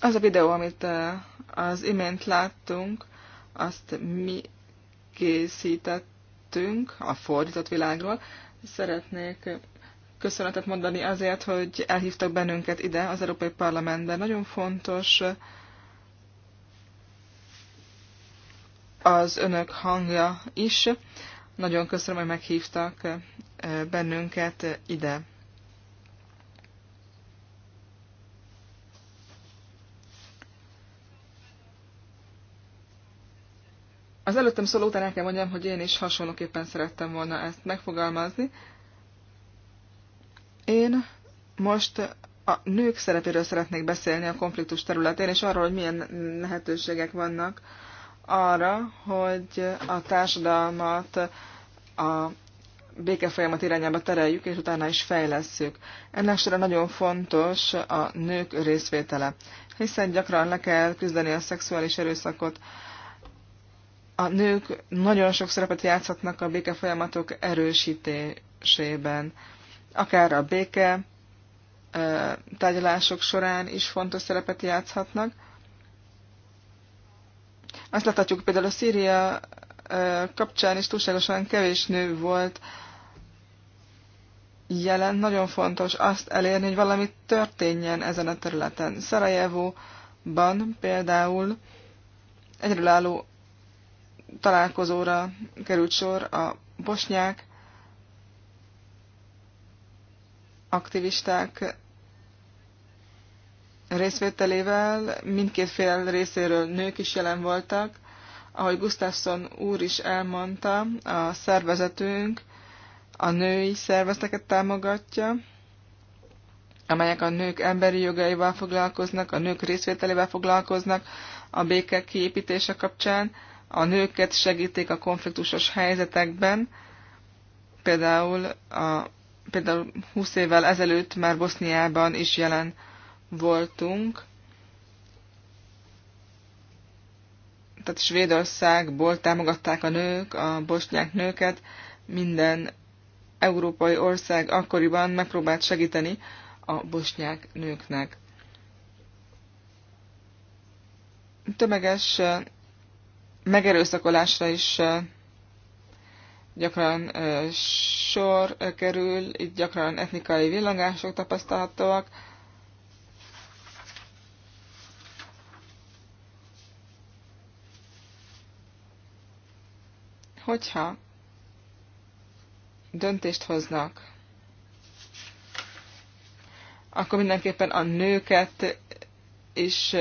Az a videó, amit eh, az imént láttunk, azt mi készítettünk a fordított világról. Szeretnék köszönetet mondani azért, hogy elhívtak bennünket ide az Európai Parlamentben. Nagyon fontos az önök hangja is. Nagyon köszönöm, hogy meghívtak eh, bennünket ide. Az előttem szóló után el kell mondjam, hogy én is hasonlóképpen szerettem volna ezt megfogalmazni. Én most a nők szerepéről szeretnék beszélni a konfliktus területén, és arról, hogy milyen lehetőségek vannak arra, hogy a társadalmat a béke folyamat irányába tereljük, és utána is fejlesszük. Ennek során nagyon fontos a nők részvétele, hiszen gyakran le kell küzdeni a szexuális erőszakot, a nők nagyon sok szerepet játszhatnak a béke folyamatok erősítésében. Akár a béke tárgyalások során is fontos szerepet játszhatnak. Azt láthatjuk például a Szíria kapcsán is túlságosan kevés nő volt jelen. Nagyon fontos azt elérni, hogy valami történjen ezen a területen. Szarajevóban például egyedülálló találkozóra került sor a bosnyák aktivisták részvételével mindkét fél részéről nők is jelen voltak. Ahogy Gustafsson úr is elmondta, a szervezetünk a női szervezeteket támogatja, amelyek a nők emberi jogaival foglalkoznak, a nők részvételével foglalkoznak a béke kiépítése kapcsán, a nőket segítik a konfliktusos helyzetekben. Például, a, például 20 évvel ezelőtt már Boszniában is jelen voltunk. Tehát Svédországból támogatták a nők, a bosnyák nőket, minden európai ország akkoriban megpróbált segíteni a bosnyák nőknek. Tömeges megerőszakolásra is gyakran sor kerül, itt gyakran etnikai villangások tapasztalhatóak. Hogyha döntést hoznak, akkor mindenképpen a nőket is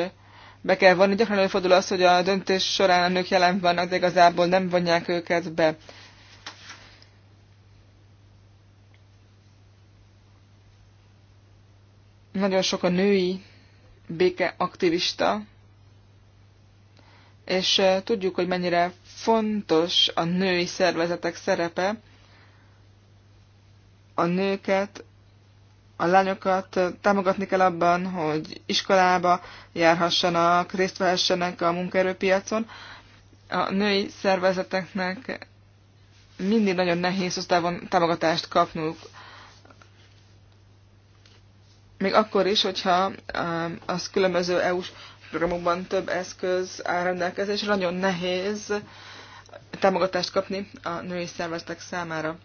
be kell vonni. Gyakran előfordul az, hogy a döntés során a nők jelen vannak, de igazából nem vonják őket be. Nagyon sok a női békeaktivista, és tudjuk, hogy mennyire fontos a női szervezetek szerepe. A nőket a lányokat támogatni kell abban, hogy iskolába járhassanak, részt vehessenek a munkaerőpiacon. A női szervezeteknek mindig nagyon nehéz osztávon támogatást kapnunk. Még akkor is, hogyha um, az különböző EU-s programokban több eszköz áll rendelkezésre, nagyon nehéz támogatást kapni a női szervezetek számára.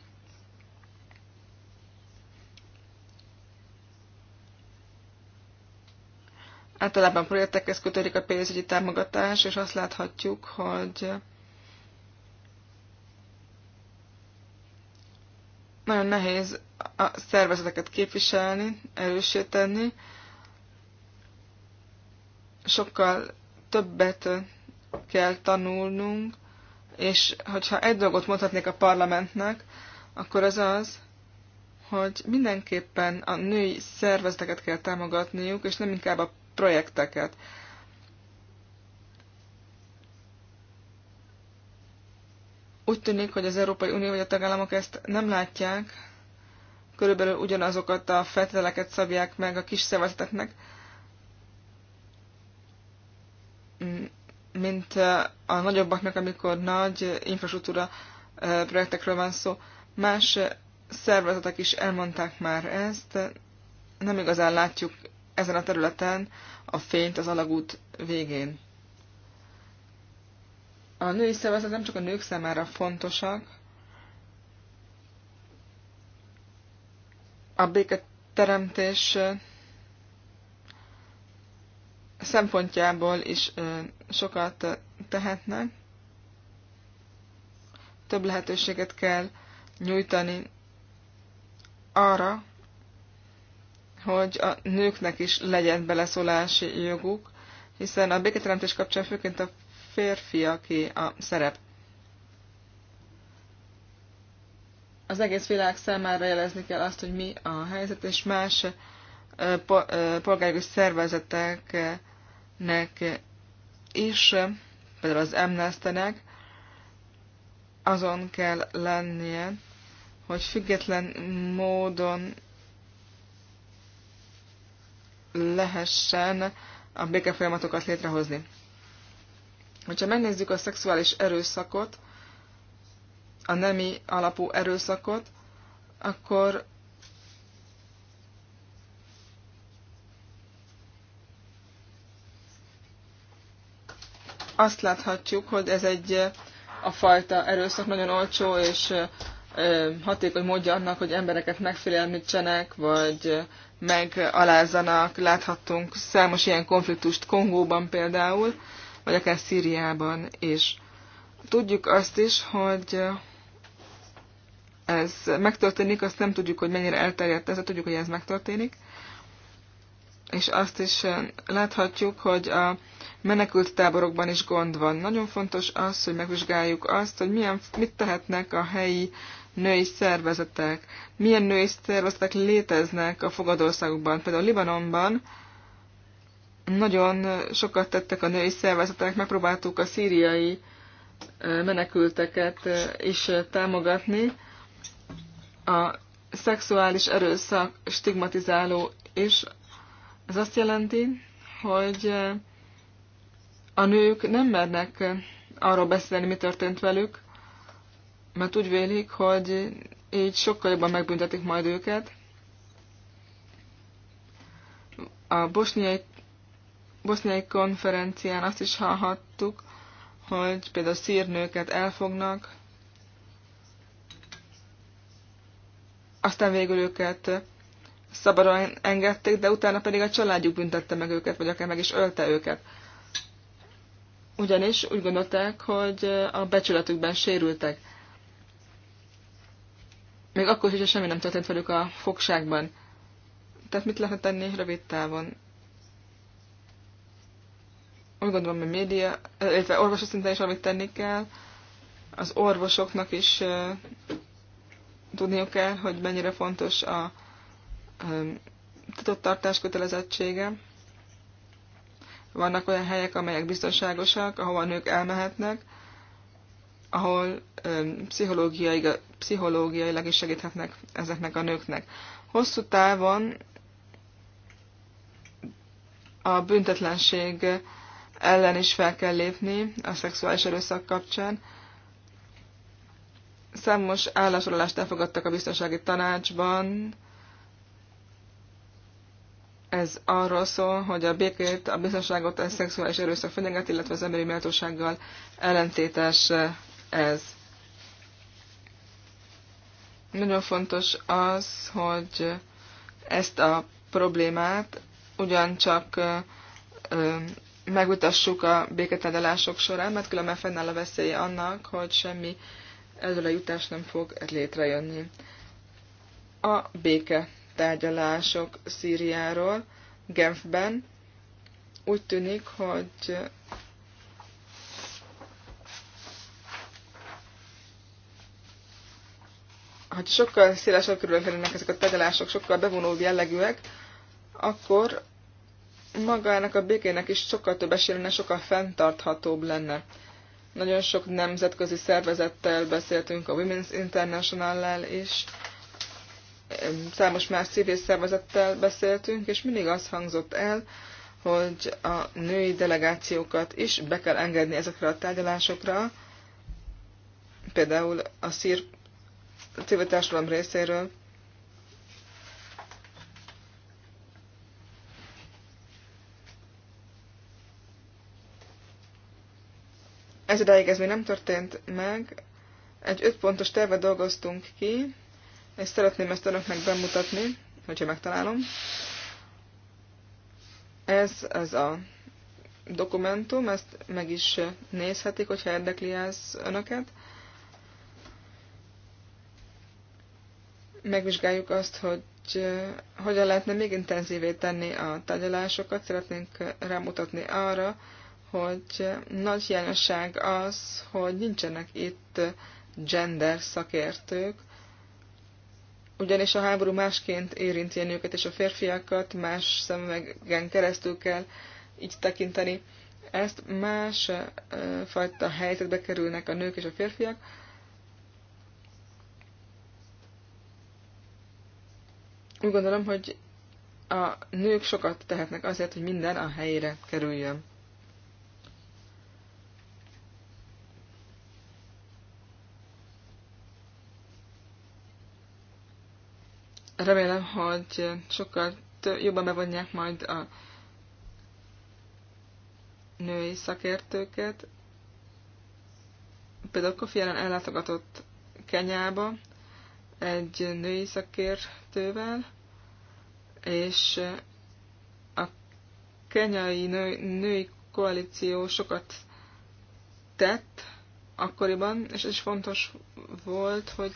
általában projektekhez kötődik a pénzügyi támogatás, és azt láthatjuk, hogy nagyon nehéz a szervezeteket képviselni, erősé tenni. Sokkal többet kell tanulnunk, és hogyha egy dolgot mondhatnék a parlamentnek, akkor az az, hogy mindenképpen a női szervezeteket kell támogatniuk, és nem inkább a projekteket. Úgy tűnik, hogy az Európai Unió vagy a tagállamok ezt nem látják, körülbelül ugyanazokat a feltételeket szabják meg a kis szervezeteknek, mint a nagyobbaknak, amikor nagy infrastruktúra projektekről van szó. Más szervezetek is elmondták már ezt, nem igazán látjuk ezen a területen a fényt az alagút végén. A női szervezet nem csak a nők számára fontosak, a béketeremtés szempontjából is sokat tehetnek. Több lehetőséget kell nyújtani arra, hogy a nőknek is legyen beleszólási joguk, hiszen a béketeremtés kapcsán főként a férfiaké a szerep. Az egész világ számára jelezni kell azt, hogy mi a helyzet, és más polgári szervezeteknek is, például az Amnesternek, azon kell lennie, hogy független módon lehessen a békefolyamatokat létrehozni. Hogyha megnézzük a szexuális erőszakot, a nemi alapú erőszakot, akkor azt láthatjuk, hogy ez egy a fajta erőszak nagyon olcsó és hatékony módja annak, hogy embereket megfélelmítsenek, vagy megalázzanak. Láthattunk számos ilyen konfliktust Kongóban például, vagy akár Szíriában is. Tudjuk azt is, hogy ez megtörténik, azt nem tudjuk, hogy mennyire elterjedt ez, de tudjuk, hogy ez megtörténik. És azt is láthatjuk, hogy a menekült táborokban is gond van. Nagyon fontos az, hogy megvizsgáljuk azt, hogy milyen, mit tehetnek a helyi női szervezetek, milyen női szervezetek léteznek a fogadországokban. Például Libanonban nagyon sokat tettek a női szervezetek, megpróbáltuk a szíriai menekülteket is támogatni. A szexuális erőszak stigmatizáló is. Ez azt jelenti, hogy a nők nem mernek arról beszélni, mi történt velük, mert úgy vélik, hogy így sokkal jobban megbüntetik majd őket. A Boszniai boszniai konferencián azt is hallhattuk, hogy például szírnőket elfognak, aztán végül őket szabadon engedték, de utána pedig a családjuk büntette meg őket, vagy akár meg is ölte őket. Ugyanis úgy gondolták, hogy a becsületükben sérültek még akkor is, hogy semmi nem történt velük a fogságban. Tehát mit lehet tenni rövid távon? Úgy gondolom, hogy média, illetve orvosok szinten is valamit tenni kell. Az orvosoknak is uh, tudniuk kell, hogy mennyire fontos a um, tartás kötelezettsége. Vannak olyan helyek, amelyek biztonságosak, ahova nők elmehetnek, ahol pszichológiai, pszichológiailag is segíthetnek ezeknek a nőknek. Hosszú távon a büntetlenség ellen is fel kell lépni a szexuális erőszak kapcsán. Számos állásolást elfogadtak a biztonsági tanácsban. Ez arról szól, hogy a békét, a biztonságot a szexuális erőszak fenyeget, illetve az emberi méltósággal ellentétes ez. Nagyon fontos az, hogy ezt a problémát ugyancsak megutassuk a béketárgyalások során, mert különben fennáll a veszélye annak, hogy semmi ezzel a jutás nem fog létrejönni. A béke tárgyalások Szíriáról, Genfben úgy tűnik, hogy hogy sokkal szélesebb körülök lennének ezek a tegyelások, sokkal bevonóbb jellegűek, akkor magának a békének is sokkal több lenne, sokkal fenntarthatóbb lenne. Nagyon sok nemzetközi szervezettel beszéltünk, a Women's International-lel is, számos más civil szervezettel beszéltünk, és mindig az hangzott el, hogy a női delegációkat is be kell engedni ezekre a tárgyalásokra, például a szír a civil társadalom részéről. Ez ideig ez még nem történt meg. Egy öt pontos tervet dolgoztunk ki, és szeretném ezt önöknek bemutatni, hogyha megtalálom. Ez, ez a dokumentum, ezt meg is nézhetik, hogyha érdekli ez önöket. megvizsgáljuk azt, hogy eh, hogyan lehetne még intenzívé tenni a tárgyalásokat. Szeretnénk eh, rámutatni arra, hogy eh, nagy hiányosság az, hogy nincsenek itt gender szakértők, ugyanis a háború másként érinti a nőket és a férfiakat, más szemüvegen keresztül kell így tekinteni. Ezt más fajta helyzetbe kerülnek a nők és a férfiak, Úgy gondolom, hogy a nők sokat tehetnek azért, hogy minden a helyére kerüljön. Remélem, hogy sokkal jobban bevonják majd a női szakértőket. Például Kofi Allen ellátogatott Kenyába, egy női szakértővel, és a kenyai nő, női koalíció sokat tett akkoriban, és ez is fontos volt, hogy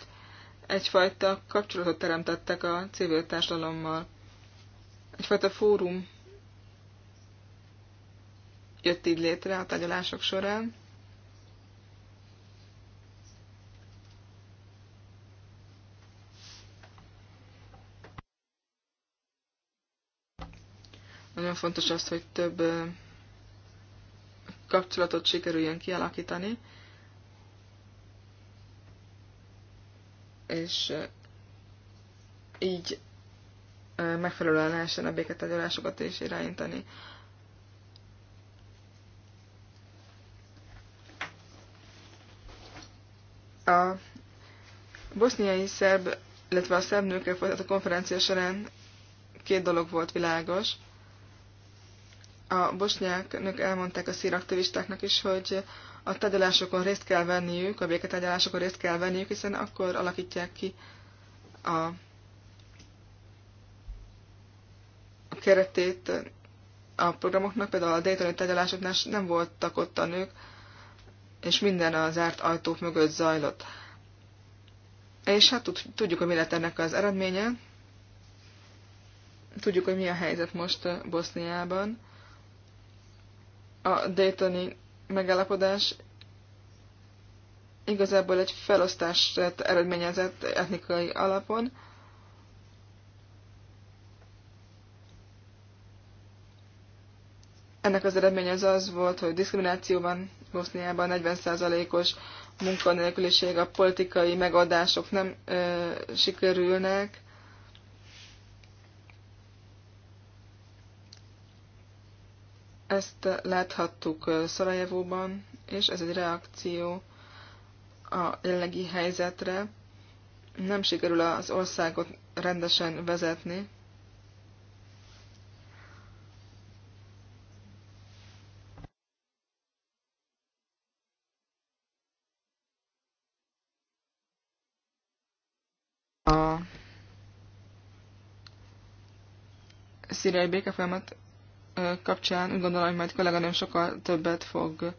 egyfajta kapcsolatot teremtettek a civil társadalommal. Egyfajta fórum jött így létre a tárgyalások során. Nagyon fontos az, hogy több kapcsolatot sikerüljön kialakítani, és így megfelelően lehessen a béketárgyalásokat is irányítani. A boszniai szerb, illetve a szerb nőkkel folytatott konferencia során két dolog volt világos – a bosnyáknak elmondták a szír aktivistáknak is, hogy a tárgyalásokon részt kell venniük, a béketárgyalásokon részt kell venniük, hiszen akkor alakítják ki a, a keretét a programoknak, például a Daytoni tárgyalásoknál nem voltak ott a nők, és minden az zárt ajtók mögött zajlott. És hát tudjuk, hogy mi lett ennek az eredménye. Tudjuk, hogy mi a helyzet most Boszniában a Daytoni megállapodás igazából egy felosztást eredményezett etnikai alapon. Ennek az eredménye az az volt, hogy diszkrimináció van Boszniában, 40%-os munkanélküliség, a politikai megoldások nem ö, sikerülnek, Ezt láthattuk Szarajevóban, és ez egy reakció a jelenlegi helyzetre. Nem sikerül az országot rendesen vezetni, a szíriai békefolyamat kapcsán úgy gondolom, hogy majd kolléganőm sokkal többet fog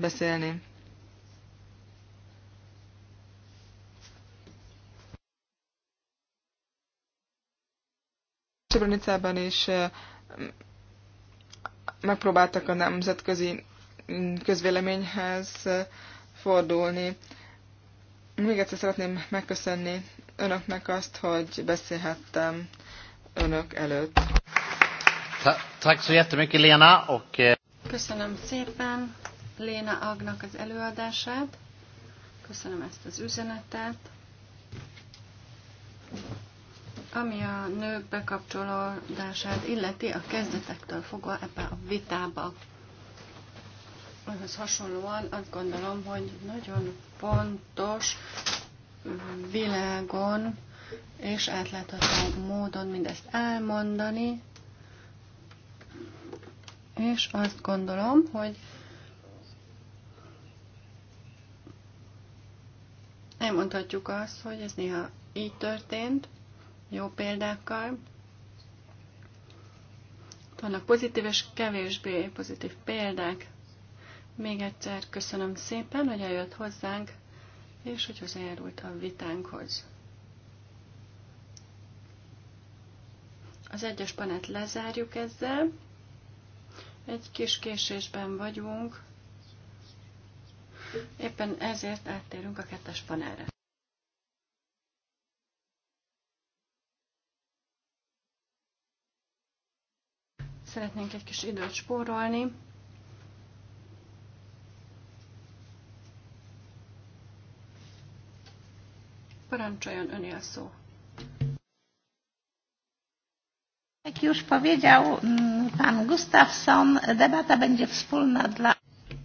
beszélni. Srebrenicában is megpróbáltak a nemzetközi közvéleményhez eh, fordulni. Még egyszer szeretném megköszönni önöknek azt, hogy beszélhettem önök előtt. Tack så jättemycket Lena och... Eh, Köszönöm szépen Léna Agnak az előadását. Köszönöm ezt az üzenetet. Ami a nők bekapcsolódását illeti, a kezdetektől fogva ebbe a vitába. Ahhoz hasonlóan azt gondolom, hogy nagyon fontos világon és átlátható módon mindezt elmondani, és azt gondolom, hogy elmondhatjuk azt, hogy ez néha így történt, jó példákkal. Vannak pozitív és kevésbé pozitív példák. Még egyszer köszönöm szépen, hogy eljött hozzánk, és hogy hozzájárult a vitánkhoz. Az egyes panet lezárjuk ezzel. Egy kis késésben vagyunk. Éppen ezért áttérünk a kettes panelre. Szeretnénk egy kis időt spórolni. Parancsoljon öné a szó. już powiedział mm, pan Gustafsson, debata będzie wspólna dla...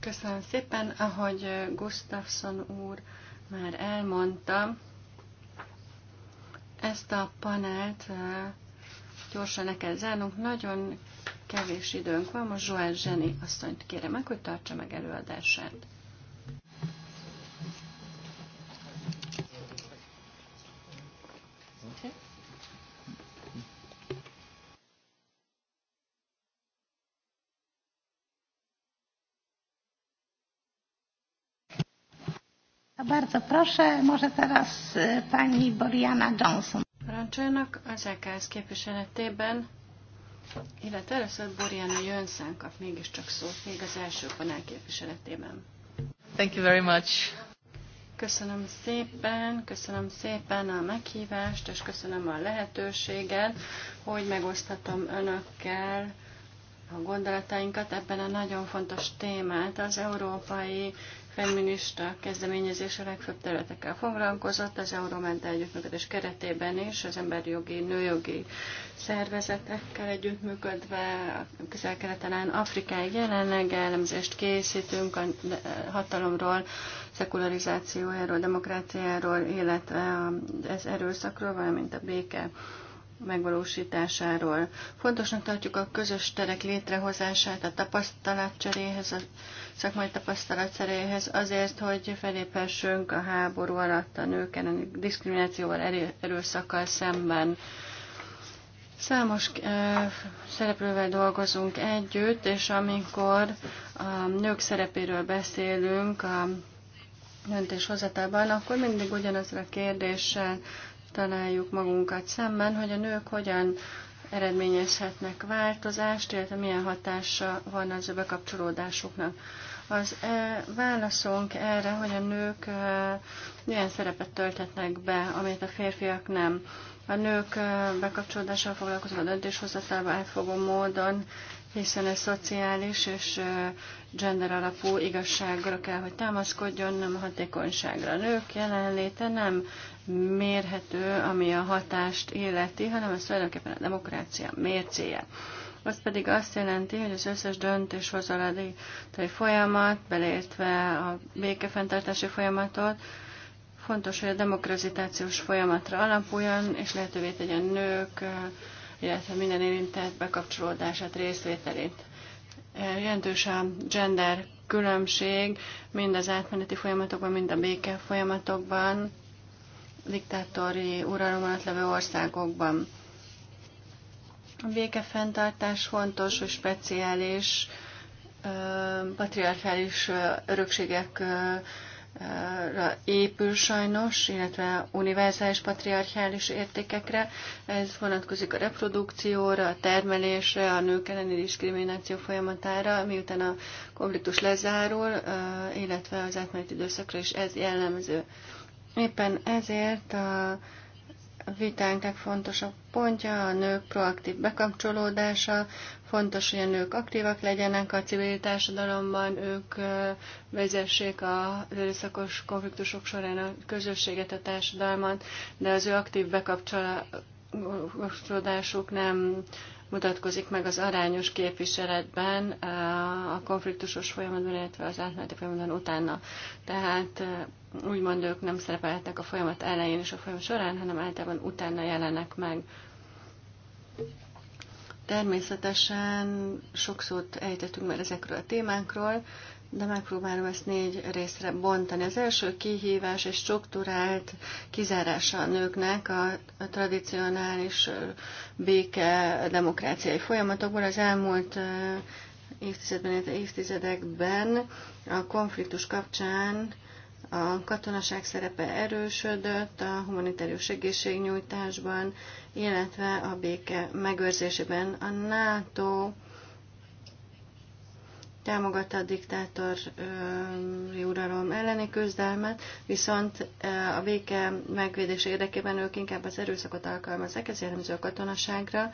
Köszönöm szépen, ahogy Gustafsson úr már elmondta, ezt a panelt eh, gyorsan le kell zárnunk. Nagyon kevés időnk van. Most Joel Zseni asszonyt kérem meg, hogy tartsa meg előadását. bardzo proszę, może teraz e, pani Boriana Johnson. Parancsoljanak az EKS képviseletében, illetve először Boriana Jönszán kap mégiscsak szót, még az első panel képviseletében. Thank you very much. Köszönöm szépen, köszönöm szépen a meghívást, és köszönöm a lehetőséget, hogy megoszthatom önökkel a gondolatainkat ebben a nagyon fontos témát, az európai feminista kezdeményezés a legfőbb területekkel foglalkozott, az Euromente együttműködés keretében is, az emberi jogi, nőjogi szervezetekkel együttműködve, a közel-keleten Afrikáig jelenleg elemzést készítünk a hatalomról, szekularizációjáról, demokráciáról, illetve az erőszakról, valamint a béke megvalósításáról. Fontosnak tartjuk a közös terek létrehozását, a tapasztalatcseréhez, a szakmai tapasztalatcseréhez azért, hogy feléphessünk a háború alatt a nők elleni diszkriminációval, erőszakkal szemben. Számos eh, szereplővel dolgozunk együtt, és amikor a nők szerepéről beszélünk, a döntéshozatában, akkor mindig ugyanazra a kérdéssel találjuk magunkat szemben, hogy a nők hogyan eredményezhetnek változást, illetve milyen hatása van az ő bekapcsolódásuknak. Az e, válaszunk erre, hogy a nők e, milyen szerepet tölthetnek be, amit a férfiak nem. A nők e, bekapcsolódással foglalkozó a döntéshozatába átfogó módon, hiszen ez szociális és e, gender alapú igazságra kell, hogy támaszkodjon, nem hatékonyságra. A nők jelenléte nem mérhető, ami a hatást illeti, hanem ez tulajdonképpen a demokrácia mércéje. Az pedig azt jelenti, hogy az összes döntéshozaladi folyamat, beleértve a békefenntartási folyamatot, fontos, hogy a demokrazitációs folyamatra alapuljon, és lehetővé tegye a nők, illetve minden érintett bekapcsolódását, részvételét. Jelentős a gender különbség, mind az átmeneti folyamatokban, mind a béke folyamatokban diktátori uralom alatt levő országokban. A békefenntartás fontos, hogy speciális patriarchális örökségek épül sajnos, illetve univerzális patriarchális értékekre. Ez vonatkozik a reprodukcióra, a termelésre, a nők elleni diszkrimináció folyamatára, miután a konfliktus lezárul, illetve az átmeneti időszakra is ez jellemző. Éppen ezért a vitánk legfontosabb pontja a nők proaktív bekapcsolódása. Fontos, hogy a nők aktívak legyenek a civil társadalomban, ők vezessék az erőszakos konfliktusok során a közösséget, a társadalmat, de az ő aktív bekapcsolódásuk nem mutatkozik meg az arányos képviseletben eh, a konfliktusos folyamatban, illetve az átmeneti folyamatban utána. Tehát eh, úgymond ők nem szerepelhetnek a folyamat elején és a folyamat során, hanem általában utána jelenek meg. Természetesen sok szót ejtettünk már ezekről a témákról, de megpróbálom ezt négy részre bontani. Az első kihívás és struktúrált kizárása a nőknek a tradicionális béke demokráciai folyamatokból az elmúlt évtizedben, évtizedekben a konfliktus kapcsán a katonaság szerepe erősödött a humanitárius segítségnyújtásban, illetve a béke megőrzésében. A NATO támogatta a diktátori uralom elleni küzdelmet, viszont a béke megvédése érdekében ők inkább az erőszakot alkalmazzák, ez jellemző a katonaságra,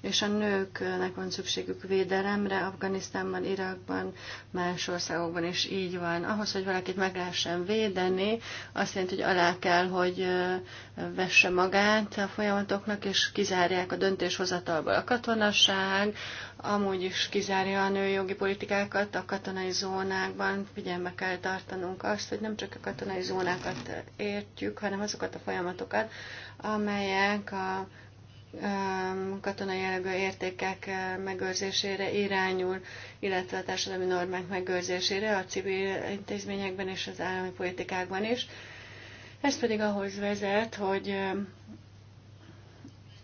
és a nőknek van szükségük védelemre Afganisztánban, Irakban, más országokban is így van. Ahhoz, hogy valakit meg lehessen védeni, azt jelenti, hogy alá kell, hogy vesse magát a folyamatoknak, és kizárják a döntéshozatalból a katonaság, amúgy is kizárja a jogi politikákat a katonai zónákban. Figyelme kell tartanunk azt, hogy nem csak a katonai zónákat értjük, hanem azokat a folyamatokat, amelyek a katonai jellegű értékek megőrzésére irányul, illetve a társadalmi normák megőrzésére a civil intézményekben és az állami politikákban is. Ez pedig ahhoz vezet, hogy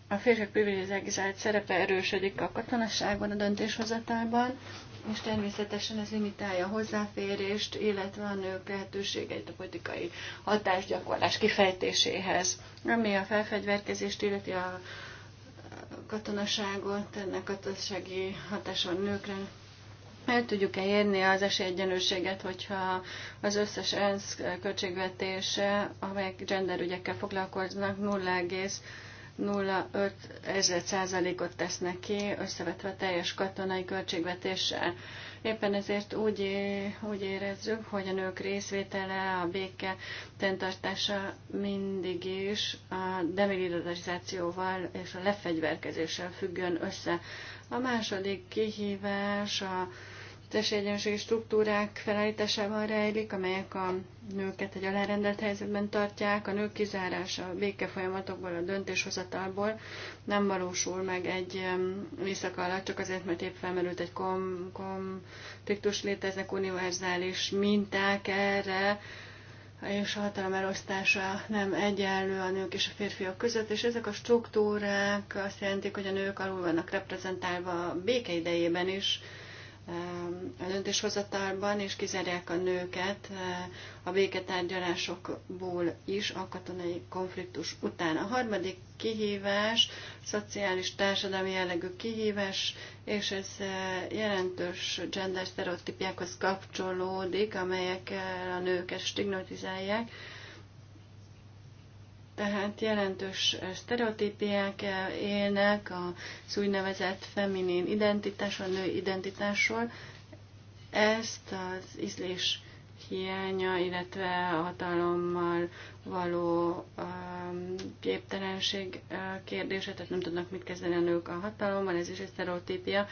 a férfiak privilegizált szerepe erősödik a katonasságban, a döntéshozatalban, és természetesen ez limitálja a hozzáférést, illetve a nők lehetőségeit a politikai hatásgyakorlás kifejtéséhez. Ami a felfegyverkezést illeti a katonaságot, ennek katonasági hatása a nőkre. El tudjuk-e érni az esélyegyenlőséget, hogyha az összes ENSZ költségvetése, amelyek genderügyekkel foglalkoznak, 0,05%-ot tesznek ki, összevetve a teljes katonai költségvetéssel. Éppen ezért úgy, úgy érezzük, hogy a nők részvétele, a béke tentartása mindig is a demilitarizációval és a lefegyverkezéssel függön össze. A második kihívás a esélyegyenlőségi struktúrák felállításában rejlik, amelyek a nőket egy alárendelt helyzetben tartják, a nők kizárása a békefolyamatokból, a döntéshozatalból nem valósul meg egy éjszaka alatt, csak azért, mert épp felmerült egy kom konfliktus, léteznek univerzális minták erre, és a hatalom elosztása nem egyenlő a nők és a férfiak között, és ezek a struktúrák azt jelentik, hogy a nők alul vannak reprezentálva békeidejében is, a döntéshozatalban, és kizárják a nőket eh, a béketárgyalásokból is a katonai konfliktus után. A harmadik kihívás, szociális társadalmi jellegű kihívás, és ez eh, jelentős gender sztereotípiákhoz kapcsolódik, amelyek a nőket stigmatizálják tehát jelentős sztereotípiák élnek az úgynevezett feminin identitásról, nő identitásról. Ezt az ízlés hiánya, illetve a hatalommal való um, képtelenség uh, kérdése, tehát nem tudnak mit kezdeni a nők a hatalommal, ez is egy sztereotípia.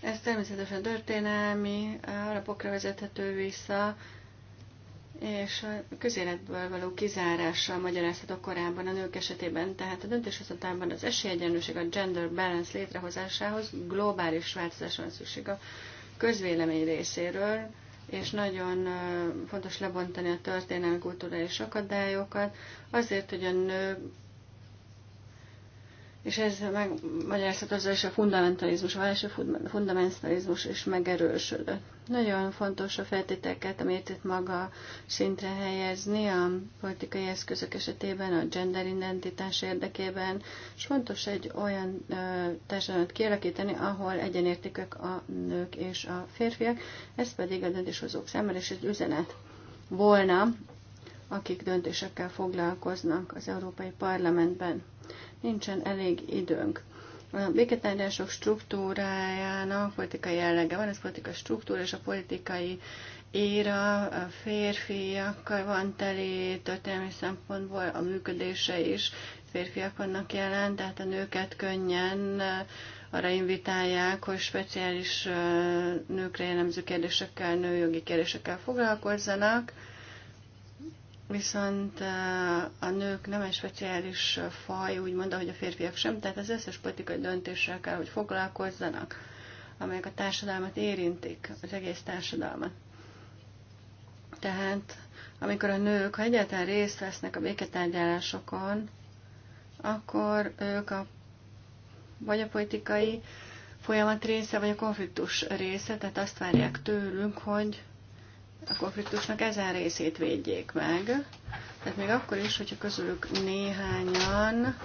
Ez természetesen történelmi uh, alapokra vezethető vissza, és a közéletből való kizárással magyarázható korábban a nők esetében, tehát a döntéshozatában az esélyegyenlőség a gender balance létrehozásához globális változás van szükség a közvélemény részéről, és nagyon fontos lebontani a történelmi kulturális akadályokat, azért, hogy a nők és ez megmagyarázható az, első a fundamentalizmus, a válási fundamentalizmus is megerősödött. Nagyon fontos a feltételeket, amit itt maga szintre helyezni a politikai eszközök esetében, a gender identitás érdekében, és fontos egy olyan társadalmat kialakítani, ahol egyenértékek a nők és a férfiak, ez pedig a döntéshozók számára, és egy üzenet volna, akik döntésekkel foglalkoznak az Európai Parlamentben nincsen elég időnk. A béketárgyalások struktúrájának politikai jellege van, ez politika struktúra, és a politikai éra a férfiakkal van teli, történelmi szempontból a működése is férfiak vannak jelen, tehát a nőket könnyen arra invitálják, hogy speciális nőkre jellemző kérdésekkel, nőjogi kérdésekkel foglalkozzanak viszont eh, a nők nem egy speciális faj, úgy úgymond, hogy a férfiak sem, tehát az összes politikai döntéssel kell, hogy foglalkozzanak, amelyek a társadalmat érintik, az egész társadalmat. Tehát amikor a nők, ha egyáltalán részt vesznek a béketárgyalásokon, akkor ők a, vagy a politikai folyamat része, vagy a konfliktus része, tehát azt várják tőlünk, hogy a konfliktusnak ezen részét védjék meg. Tehát még akkor is, hogyha közülük néhányan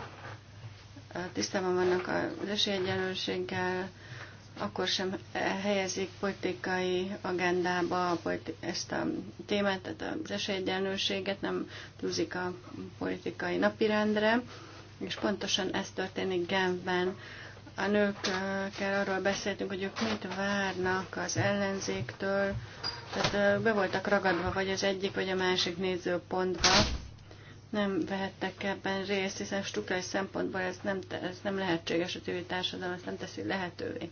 tisztában vannak az esélyegyenlőséggel, akkor sem helyezik politikai agendába ezt a témát, tehát az esélyegyenlőséget nem tűzik a politikai napirendre, és pontosan ez történik Genfben. A nőkkel arról beszéltünk, hogy ők mit várnak az ellenzéktől, tehát be voltak ragadva vagy az egyik, vagy a másik nézőpontba. Nem vehettek ebben részt, hiszen struktúrális szempontból ez nem, ez nem lehetséges a civil társadalom, ezt nem teszi lehetővé.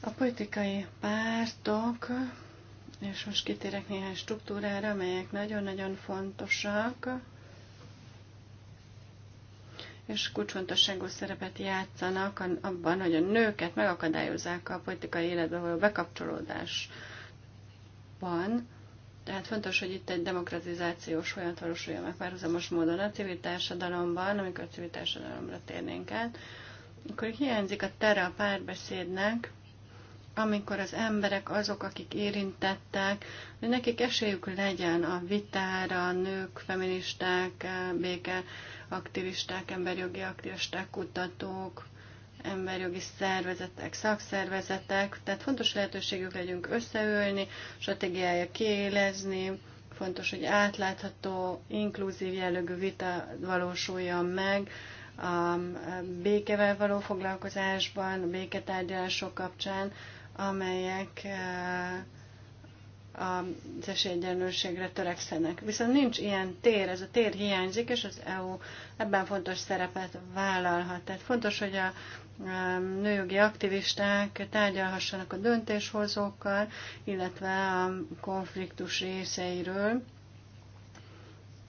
A politikai pártok, és most kitérek néhány struktúrára, amelyek nagyon-nagyon fontosak, és kulcsfontosságú szerepet játszanak abban, hogy a nőket megakadályozzák a politikai életbe való bekapcsolódásban. Tehát fontos, hogy itt egy demokratizációs folyamat valósuljon meg párhuzamos módon a civil társadalomban, amikor a civil társadalomra térnénk át, akkor hiányzik a tere a párbeszédnek, amikor az emberek azok, akik érintettek, hogy nekik esélyük legyen a vitára, a nők, feministák, béke aktivisták, emberjogi aktivisták, kutatók, emberjogi szervezetek, szakszervezetek, tehát fontos lehetőségük legyünk összeülni, stratégiája kiélezni, fontos, hogy átlátható, inkluzív jellegű vita valósuljon meg a békevel való foglalkozásban, a béketárgyalások kapcsán, amelyek eh, az esélyegyenlőségre törekszenek. Viszont nincs ilyen tér, ez a tér hiányzik, és az EU ebben fontos szerepet vállalhat. Tehát fontos, hogy a nőjogi aktivisták tárgyalhassanak a döntéshozókkal, illetve a konfliktus részeiről.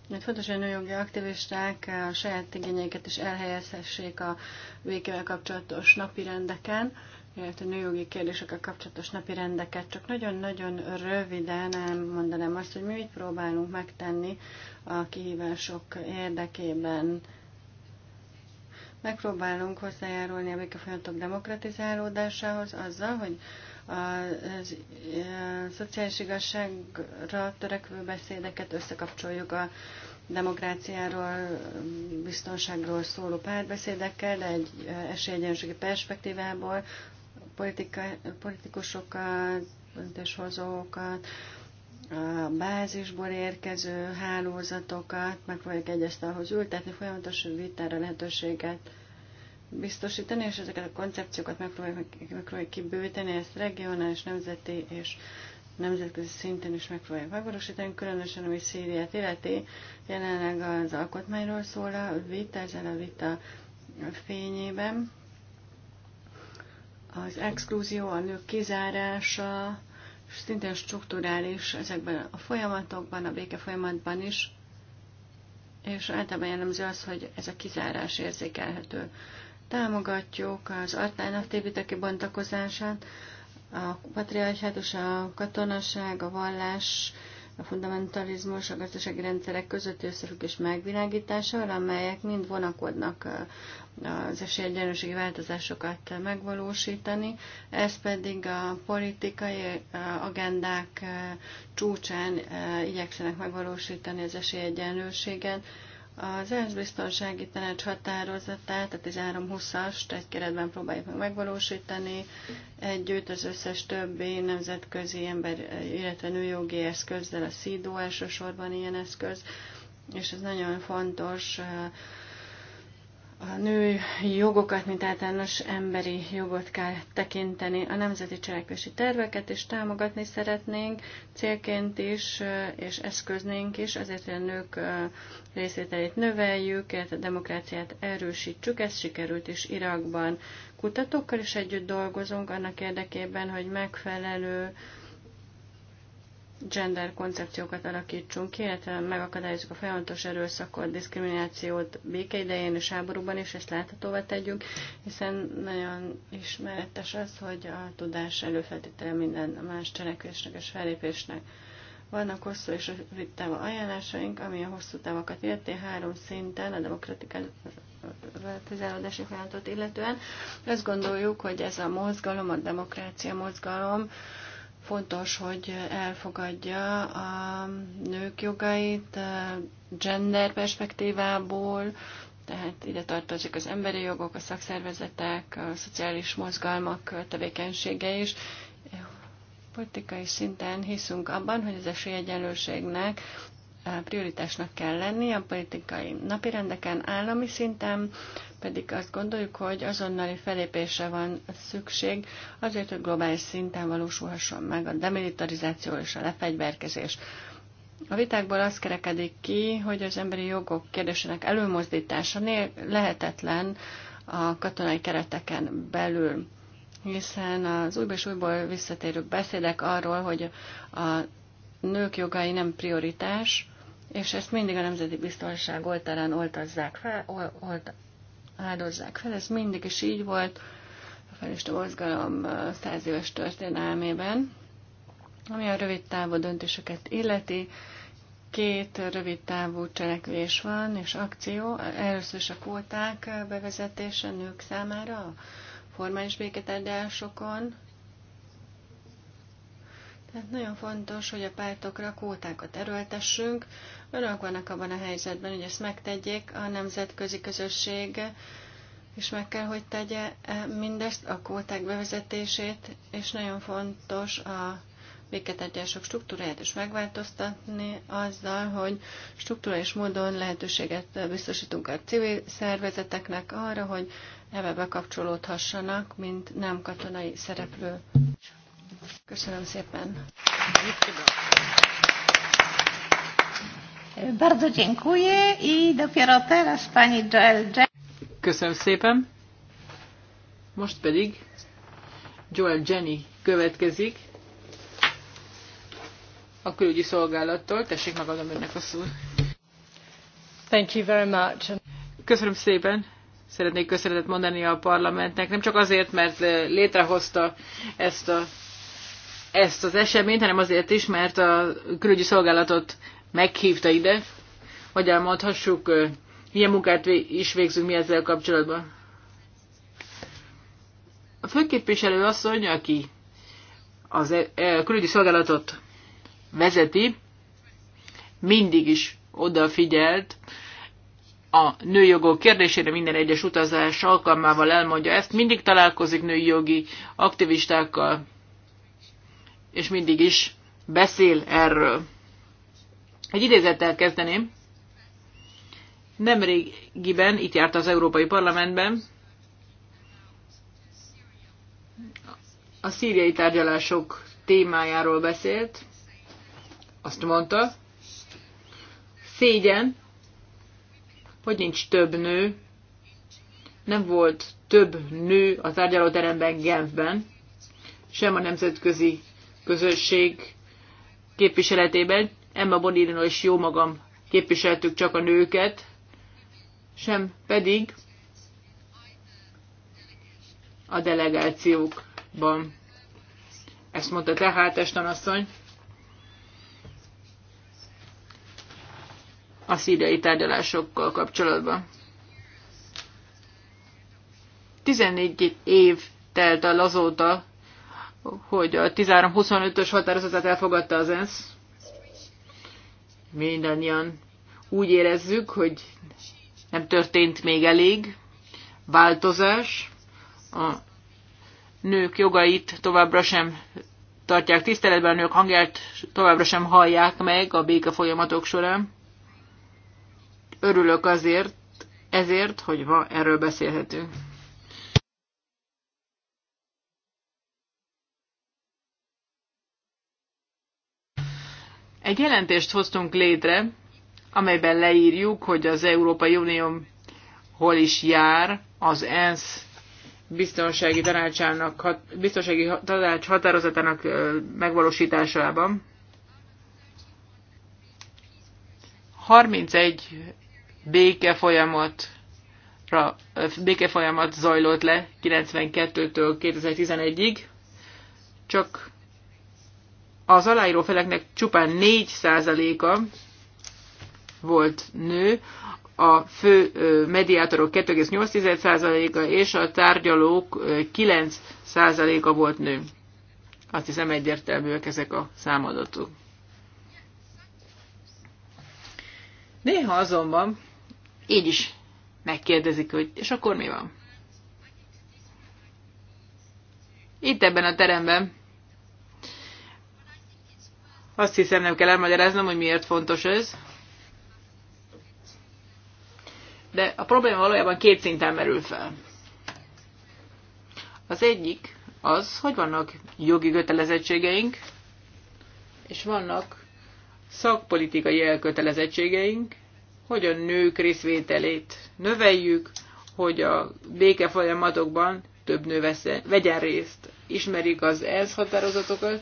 Mert fontos, hogy a nőjogi aktivisták a saját igényeiket is elhelyezhessék a békével kapcsolatos napi rendeken illetve nőjogi kérdésekkel kapcsolatos napi rendeket. Csak nagyon-nagyon röviden elmondanám azt, hogy mi mit próbálunk megtenni a kihívások érdekében. Megpróbálunk hozzájárulni a békefolyamatok demokratizálódásához azzal, hogy a szociális igazságra törekvő beszédeket összekapcsoljuk a demokráciáról, biztonságról szóló párbeszédekkel, de egy esélyegyenlőségi perspektívából politika, politikusokat, döntéshozókat, a bázisból érkező hálózatokat, megpróbáljuk egy asztalhoz ültetni, folyamatos vitára lehetőséget biztosítani, és ezeket a koncepciókat meg megpróbáljuk kibőteni, ezt regionális, nemzeti és nemzetközi szinten is megpróbáljuk megvalósítani, különösen ami Szíriát illeti, jelenleg az alkotmányról szól a vita, ezzel a vita fényében az exkluzió, a nők kizárása, szintén strukturális ezekben a folyamatokban, a béke folyamatban is, és általában jellemző az, hogy ez a kizárás érzékelhető. Támogatjuk az alternatív vita kibontakozását, a patriarchátus, a katonaság, a vallás, a fundamentalizmus, a gazdasági rendszerek közötti összefüggés megvilágításával, amelyek mind vonakodnak az esélyegyenlőségi változásokat megvalósítani, ez pedig a politikai agendák csúcsán igyekszenek megvalósítani az esélyegyenlőséget, az ENSZ biztonsági tanács határozatát, tehát 13-20-ast egy keretben próbáljuk meg megvalósítani, együtt az összes többi nemzetközi ember, illetve nőjogi eszközzel, a SZIDO elsősorban ilyen eszköz, és ez nagyon fontos a női jogokat, mint általános emberi jogot kell tekinteni. A nemzeti cselekvési terveket is támogatni szeretnénk, célként is, és eszköznénk is, azért, hogy a nők részvételét növeljük, a demokráciát erősítsük, ez sikerült is Irakban. Kutatókkal is együtt dolgozunk annak érdekében, hogy megfelelő gender koncepciókat alakítsunk ki, illetve megakadályozzuk a folyamatos erőszakot, diszkriminációt békeidején és háborúban is, ezt láthatóvá tegyük, hiszen nagyon ismeretes az, hogy a tudás előfeltétele minden más cselekvésnek és felépésnek. Vannak hosszú és rövid távú ajánlásaink, ami a hosszú távakat illeti három szinten a demokratizálódási folyamatot illetően. Azt gondoljuk, hogy ez a mozgalom, a demokrácia mozgalom, Fontos, hogy elfogadja a nők jogait gender perspektívából, tehát ide tartozik az emberi jogok, a szakszervezetek, a szociális mozgalmak tevékenysége is. Politikai szinten hiszünk abban, hogy az esélyegyenlőségnek prioritásnak kell lenni a politikai napirendeken, állami szinten pedig azt gondoljuk, hogy azonnali felépésre van szükség azért, hogy globális szinten valósulhasson meg a demilitarizáció és a lefegyverkezés. A vitákból az kerekedik ki, hogy az emberi jogok kérdésének előmozdítása lehetetlen a katonai kereteken belül hiszen az újból és újból visszatérő beszédek arról, hogy a nők jogai nem prioritás, és ezt mindig a nemzeti biztonság oltárán oltazzák fel, ol, olt, áldozzák fel. Ez mindig is így volt a felista mozgalom száz éves történelmében, ami a rövid távú döntéseket illeti. Két rövid távú cselekvés van és akció. Először is a kóták bevezetése nők számára, a formális béketárgyalásokon, tehát nagyon fontos, hogy a pártokra kótákat erőltessünk. Önök vannak abban a helyzetben, hogy ezt megtegyék. A nemzetközi közösség és meg kell, hogy tegye e, mindezt, a kóták bevezetését, és nagyon fontos a béketárgyások struktúráját is megváltoztatni azzal, hogy struktúrális módon lehetőséget biztosítunk a civil szervezeteknek arra, hogy ebbe bekapcsolódhassanak, mint nem katonai szereplő. Köszönöm szépen. Bardzo dziękuję i dopiero teraz pani Joel Köszönöm szépen. Most pedig Joel Jenny következik a külügyi szolgálattól. Tessék megadom önnek a szót. Thank you very much. Köszönöm szépen. Szeretnék köszönetet mondani a parlamentnek, nem csak azért, mert létrehozta ezt a ezt az eseményt, hanem azért is, mert a külügyi szolgálatot meghívta ide, hogy elmondhassuk, milyen munkát is végzünk mi ezzel kapcsolatban. A főképviselő asszony, aki az e- e- külügyi szolgálatot vezeti, mindig is odafigyelt a nőjogok kérdésére minden egyes utazás alkalmával elmondja ezt, mindig találkozik női jogi aktivistákkal, és mindig is beszél erről. Egy idézettel kezdeném. Nemrégiben itt járt az Európai Parlamentben a szíriai tárgyalások témájáról beszélt. Azt mondta, szégyen, hogy nincs több nő, nem volt több nő a tárgyalóteremben Genfben, sem a nemzetközi közösség képviseletében. Emma Bonino és jó magam képviseltük csak a nőket, sem pedig a delegációkban. Ezt mondta tehát Estanasszony. a szíriai tárgyalásokkal kapcsolatban. 14 év telt el azóta, hogy a 13-25-ös határozatát elfogadta az ENSZ. Mindannyian úgy érezzük, hogy nem történt még elég változás. A nők jogait továbbra sem tartják tiszteletben, a nők hangját továbbra sem hallják meg a béka folyamatok során. Örülök azért, ezért, hogy ma erről beszélhetünk. Egy jelentést hoztunk létre, amelyben leírjuk, hogy az Európai Unió hol is jár az ENSZ biztonsági, tanácsának, biztonsági tanács határozatának megvalósításában. 31 béke folyamatra, béke folyamat zajlott le 92-től 2011-ig, csak az aláíró feleknek csupán 4%-a volt nő, a fő mediátorok 2,8%-a és a tárgyalók 9%-a volt nő. Azt hiszem egyértelműek ezek a számadatok. Néha azonban így is megkérdezik, hogy és akkor mi van? Itt ebben a teremben azt hiszem nem kell elmagyaráznom, hogy miért fontos ez. De a probléma valójában két szinten merül fel. Az egyik az, hogy vannak jogi kötelezettségeink, és vannak szakpolitikai elkötelezettségeink, hogy a nők részvételét növeljük, hogy a béke folyamatokban több nő vegyen részt. Ismerik az ENSZ határozatokat,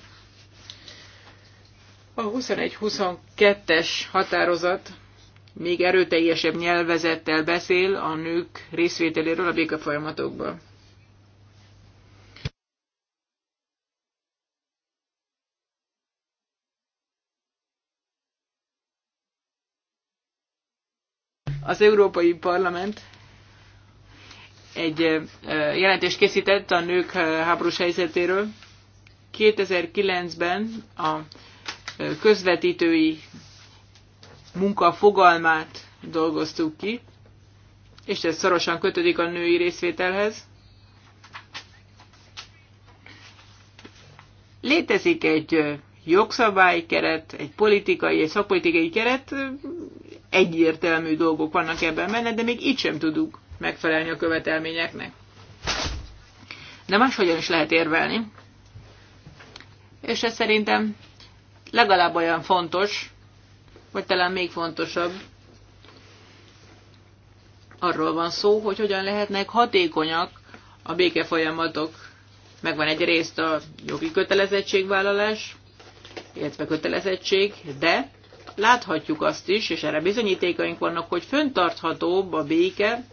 a 21-22-es határozat még erőteljesebb nyelvezettel beszél a nők részvételéről a békafolyamatokban. Az Európai Parlament egy jelentést készített a nők háborús helyzetéről. 2009-ben a közvetítői munka fogalmát dolgoztuk ki, és ez szorosan kötődik a női részvételhez. Létezik egy keret, egy politikai, egy szakpolitikai keret, egyértelmű dolgok vannak ebben benne, de még így sem tudunk megfelelni a követelményeknek. De máshogyan is lehet érvelni. És ez szerintem legalább olyan fontos, vagy talán még fontosabb, arról van szó, hogy hogyan lehetnek hatékonyak a békefolyamatok. Megvan egy részt a jogi kötelezettségvállalás, illetve kötelezettség, de láthatjuk azt is, és erre bizonyítékaink vannak, hogy föntarthatóbb a béke,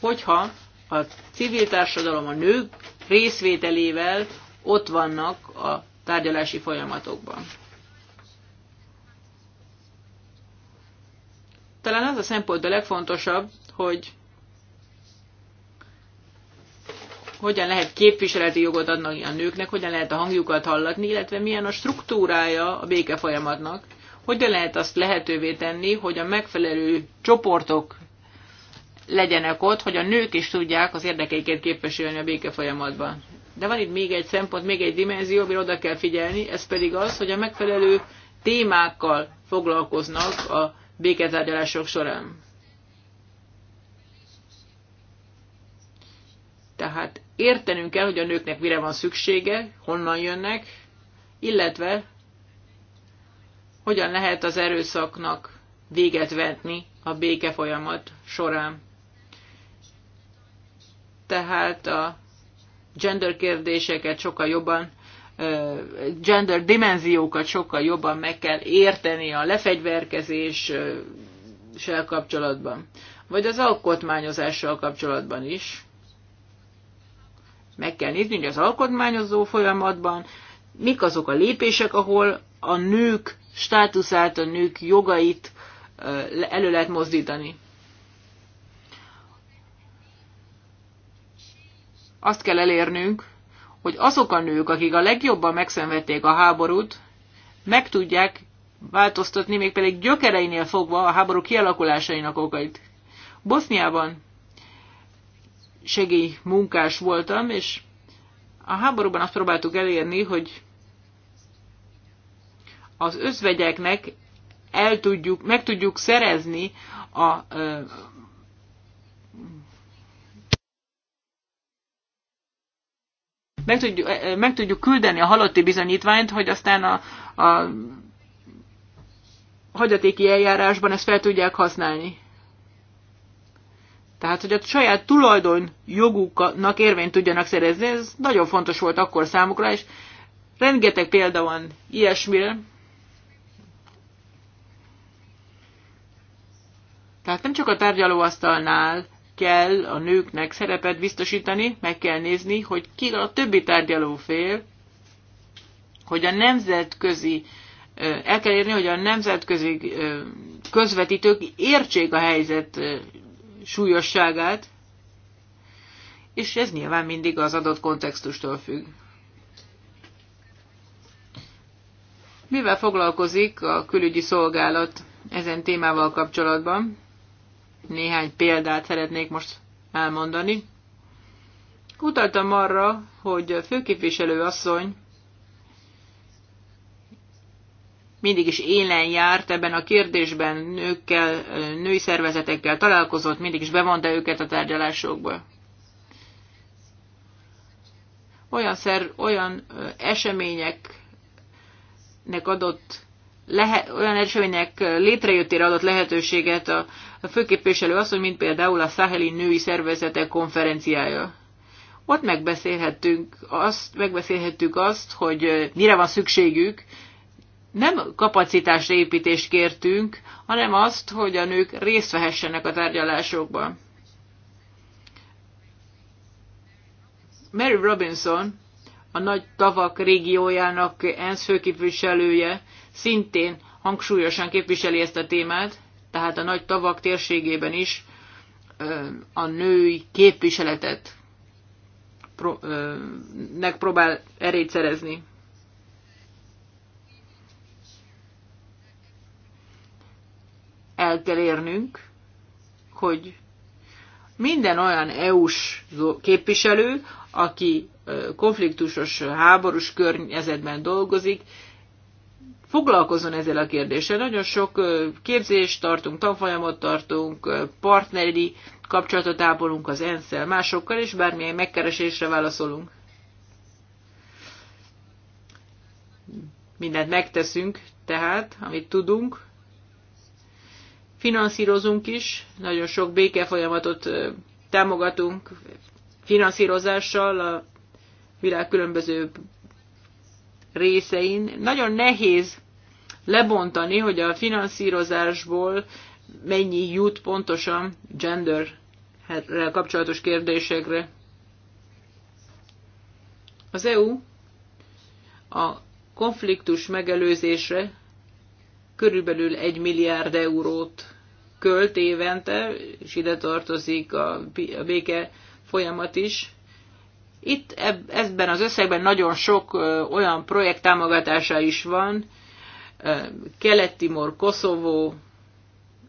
hogyha a civil társadalom a nők részvételével ott vannak a tárgyalási folyamatokban. Talán az a szempont a legfontosabb, hogy hogyan lehet képviseleti jogot adni a nőknek, hogyan lehet a hangjukat hallatni, illetve milyen a struktúrája a béke folyamatnak, hogyan lehet azt lehetővé tenni, hogy a megfelelő csoportok legyenek ott, hogy a nők is tudják az érdekeiket képviselni a béke folyamatban. De van itt még egy szempont, még egy dimenzió, amire oda kell figyelni, ez pedig az, hogy a megfelelő témákkal foglalkoznak a béketárgyalások során. Tehát értenünk kell, hogy a nőknek mire van szüksége, honnan jönnek, illetve hogyan lehet az erőszaknak véget vetni a béke folyamat során. Tehát a gender kérdéseket sokkal jobban gender dimenziókat sokkal jobban meg kell érteni a lefegyverkezéssel kapcsolatban, vagy az alkotmányozással kapcsolatban is. Meg kell nézni, hogy az alkotmányozó folyamatban mik azok a lépések, ahol a nők státuszát, a nők jogait elő lehet mozdítani. Azt kell elérnünk, hogy azok a nők, akik a legjobban megszenvedték a háborút, meg tudják változtatni, még pedig gyökereinél fogva a háború kialakulásainak okait. Boszniában segélymunkás voltam, és a háborúban azt próbáltuk elérni, hogy az özvegyeknek el tudjuk, meg tudjuk szerezni a meg tudjuk, meg tudjuk küldeni a halotti bizonyítványt, hogy aztán a, a hagyatéki eljárásban ezt fel tudják használni. Tehát, hogy a saját tulajdon joguknak érvényt tudjanak szerezni, ez nagyon fontos volt akkor számukra, és rengeteg példa van ilyesmire. Tehát nem csak a tárgyalóasztalnál kell a nőknek szerepet biztosítani, meg kell nézni, hogy ki a többi tárgyaló fél, hogy a nemzetközi, el kell érni, hogy a nemzetközi közvetítők értsék a helyzet súlyosságát, és ez nyilván mindig az adott kontextustól függ. Mivel foglalkozik a külügyi szolgálat ezen témával kapcsolatban? Néhány példát szeretnék most elmondani. Utaltam arra, hogy a főképviselő asszony mindig is élen járt ebben a kérdésben, nőkkel, női szervezetekkel találkozott, mindig is bevonta őket a tárgyalásokba. Olyan, szer, olyan eseményeknek adott lehe, olyan események létrejöttére adott lehetőséget a a főképviselő azt mint például a Száheli Női Szervezetek konferenciája. Ott megbeszélhettünk azt, megbeszélhettük azt, hogy mire van szükségük, nem kapacitásra építést kértünk, hanem azt, hogy a nők részt vehessenek a tárgyalásokban. Mary Robinson, a nagy tavak régiójának ENSZ főképviselője, szintén hangsúlyosan képviseli ezt a témát tehát a nagy tavak térségében is a női képviseletet megpróbál próbál erét szerezni. El kell érnünk, hogy minden olyan EU-s képviselő, aki konfliktusos, háborús környezetben dolgozik, foglalkozzon ezzel a kérdéssel. Nagyon sok képzést tartunk, tanfolyamot tartunk, partneri kapcsolatot ápolunk az ensz másokkal, és bármilyen megkeresésre válaszolunk. Mindent megteszünk, tehát, amit tudunk. Finanszírozunk is, nagyon sok békefolyamatot támogatunk finanszírozással a világ különböző részein. Nagyon nehéz lebontani, hogy a finanszírozásból mennyi jut pontosan genderrel kapcsolatos kérdésekre. Az EU a konfliktus megelőzésre körülbelül egy milliárd eurót költ évente, és ide tartozik a béke folyamat is. Itt ebben az összegben nagyon sok olyan projekt támogatása is van, Kelet-Timor, Koszovó,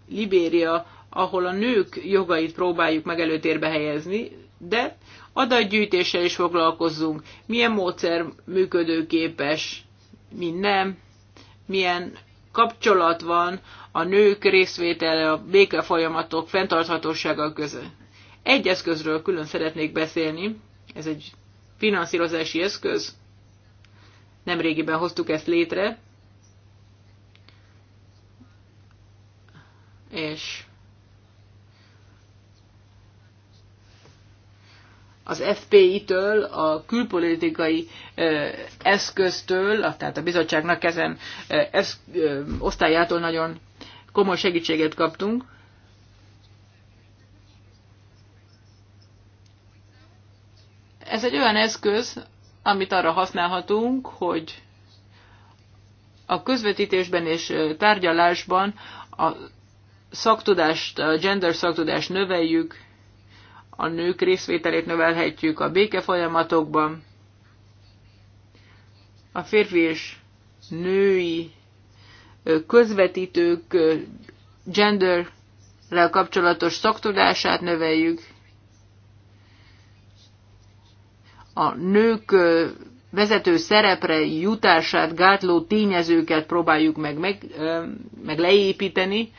Libéria, ahol a nők jogait próbáljuk meg előtérbe helyezni, de adatgyűjtéssel is foglalkozzunk, milyen módszer működőképes, mi nem, milyen kapcsolat van a nők részvétele a folyamatok fenntarthatósága között. Egy eszközről külön szeretnék beszélni, ez egy finanszírozási eszköz. Nemrégiben hoztuk ezt létre, és az FPI-től, a külpolitikai eszköztől, tehát a bizottságnak ezen osztályától nagyon komoly segítséget kaptunk. Ez egy olyan eszköz, amit arra használhatunk, hogy a közvetítésben és tárgyalásban a szaktudást, a gender szaktudást növeljük, a nők részvételét növelhetjük a béke folyamatokban, a férfi és női közvetítők genderrel kapcsolatos szaktudását növeljük, a nők vezető szerepre jutását gátló tényezőket próbáljuk meg, meg, meg leépíteni,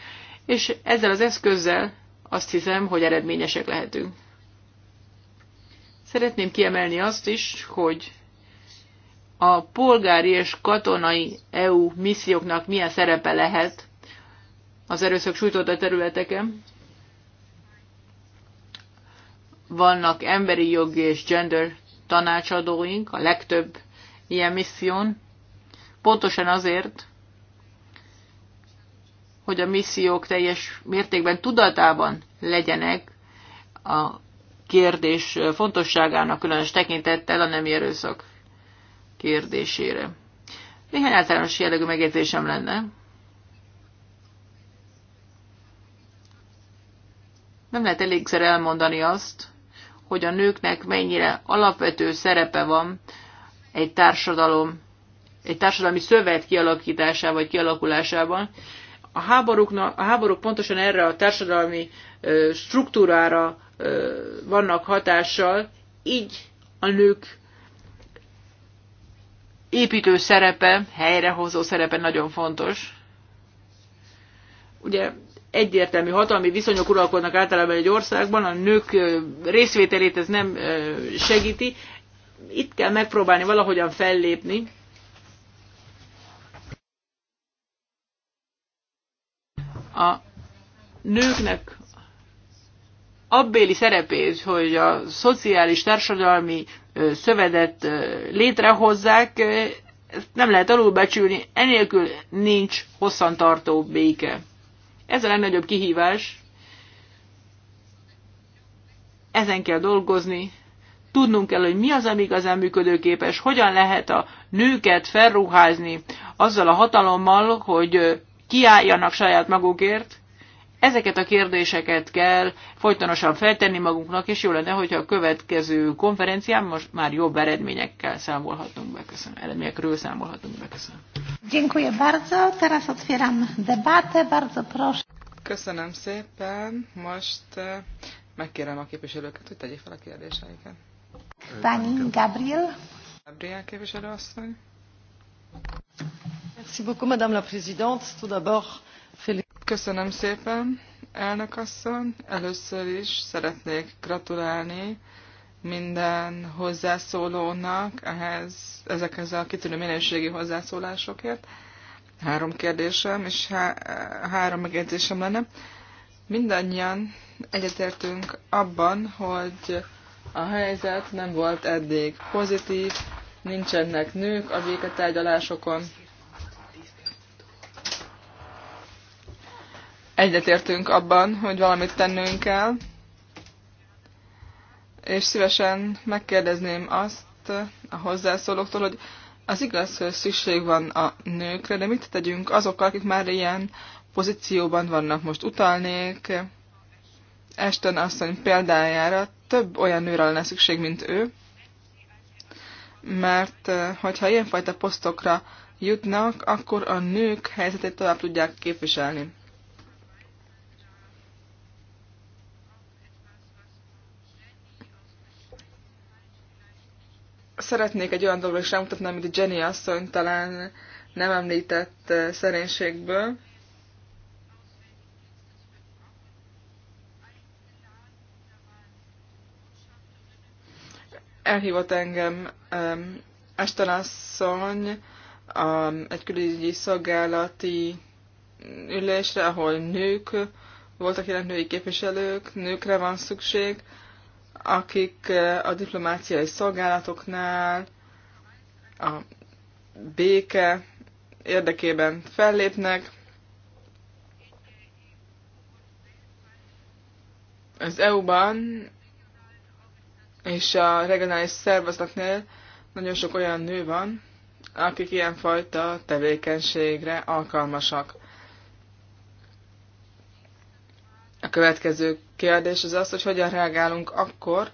és ezzel az eszközzel azt hiszem, hogy eredményesek lehetünk. Szeretném kiemelni azt is, hogy a polgári és katonai EU misszióknak milyen szerepe lehet az erőszak sújtotta területeken. Vannak emberi jogi és gender tanácsadóink, a legtöbb ilyen misszión, pontosan azért, hogy a missziók teljes mértékben tudatában legyenek a kérdés fontosságának, különös tekintettel a nem erőszak kérdésére. Néhány általános jellegű megjegyzésem lenne. Nem lehet elégszer elmondani azt, hogy a nőknek mennyire alapvető szerepe van egy társadalom, egy társadalmi szövet kialakításában vagy kialakulásában. A, a háborúk pontosan erre a társadalmi ö, struktúrára ö, vannak hatással, így a nők építő szerepe, helyrehozó szerepe nagyon fontos. Ugye egyértelmű hatalmi viszonyok uralkodnak általában egy országban, a nők részvételét ez nem segíti. Itt kell megpróbálni valahogyan fellépni. A nőknek abbéli szerepét, hogy a szociális társadalmi szövedet létrehozzák, ezt nem lehet alulbecsülni, enélkül nincs hosszantartó béke. Ez a legnagyobb kihívás. Ezen kell dolgozni. Tudnunk kell, hogy mi az, ami igazán működőképes, hogyan lehet a nőket felruházni azzal a hatalommal, hogy kiálljanak saját magukért, Ezeket a kérdéseket kell folytonosan feltenni magunknak, és jó lenne, hogyha a következő konferencián most már jobb eredményekkel számolhatunk be. Köszönöm. Eredményekről számolhatunk be. Köszönöm. Dziękuję bardzo. Teraz otwieram debatę. Bardzo proszę. Köszönöm szépen. Most e, megkérem a képviselőket, hogy tegyék fel a kérdéseiket. Pani Gabriel. Gabriel asszony. Merci beaucoup, Madame la Présidente. Tout d'abord, Köszönöm szépen, elnök asszony. Először is szeretnék gratulálni minden hozzászólónak ehhez, ezekhez a kitűnő minőségi hozzászólásokért. Három kérdésem és há- három megjegyzésem lenne. Mindannyian egyetértünk abban, hogy a helyzet nem volt eddig pozitív, nincsenek nők a béketárgyalásokon, egyetértünk abban, hogy valamit tennünk kell, és szívesen megkérdezném azt a hozzászólóktól, hogy az igaz, hogy szükség van a nőkre, de mit tegyünk azokkal, akik már ilyen pozícióban vannak. Most utalnék Ashton asszony példájára, több olyan nőre lenne szükség, mint ő, mert eh, hogyha ilyenfajta posztokra jutnak, akkor a nők helyzetét tovább tudják képviselni. szeretnék egy olyan dolgot is rámutatni, amit Jenny asszony talán nem említett eh, szerénységből. Elhívott engem um, Ashton asszony um, egy külügyi szolgálati ülésre, ahol nők voltak jelen női képviselők, nőkre van szükség, akik eh, a diplomáciai szolgálatoknál a béke érdekében fellépnek. Az EU-ban és a regionális szervezetnél nagyon sok olyan nő van, akik ilyenfajta tevékenységre alkalmasak. A következő kérdés az az, hogy hogyan reagálunk akkor,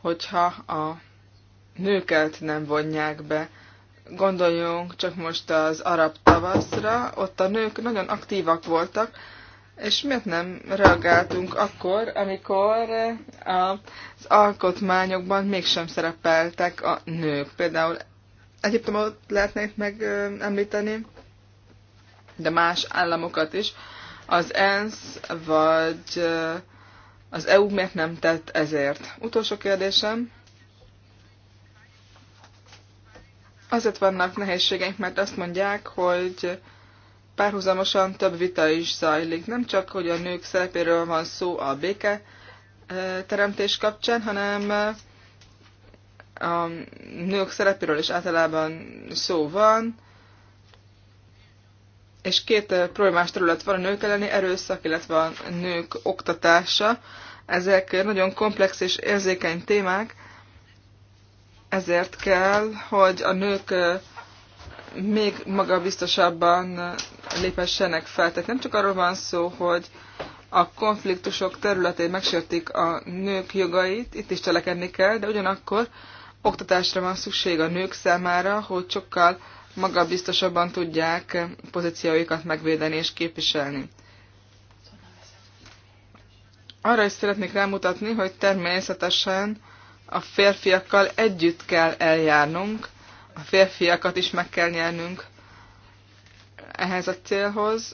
hogyha a nőket nem vonják be. Gondoljunk csak most az arab tavaszra, ott a nők nagyon aktívak voltak, és miért nem reagáltunk akkor, amikor az alkotmányokban mégsem szerepeltek a nők? Például Egyiptomot lehetne itt megemlíteni, de más államokat is, az ENSZ vagy az EU miért nem tett ezért? Utolsó kérdésem. Azért vannak nehézségeink, mert azt mondják, hogy párhuzamosan több vita is zajlik. Nem csak, hogy a nők szerepéről van szó a béke teremtés kapcsán, hanem a nők szerepéről is általában szó van, és két problémás terület van a nők elleni erőszak, illetve a nők oktatása. Ezek nagyon komplex és érzékeny témák, ezért kell, hogy a nők még magabiztosabban lépessenek fel. Tehát nem csak arról van szó, hogy a konfliktusok területén megsértik a nők jogait, itt is cselekedni kell, de ugyanakkor oktatásra van szükség a nők számára, hogy sokkal magabiztosabban tudják pozícióikat megvédeni és képviselni. Arra is szeretnék rámutatni, hogy természetesen a férfiakkal együtt kell eljárnunk, a férfiakat is meg kell nyernünk ehhez a célhoz.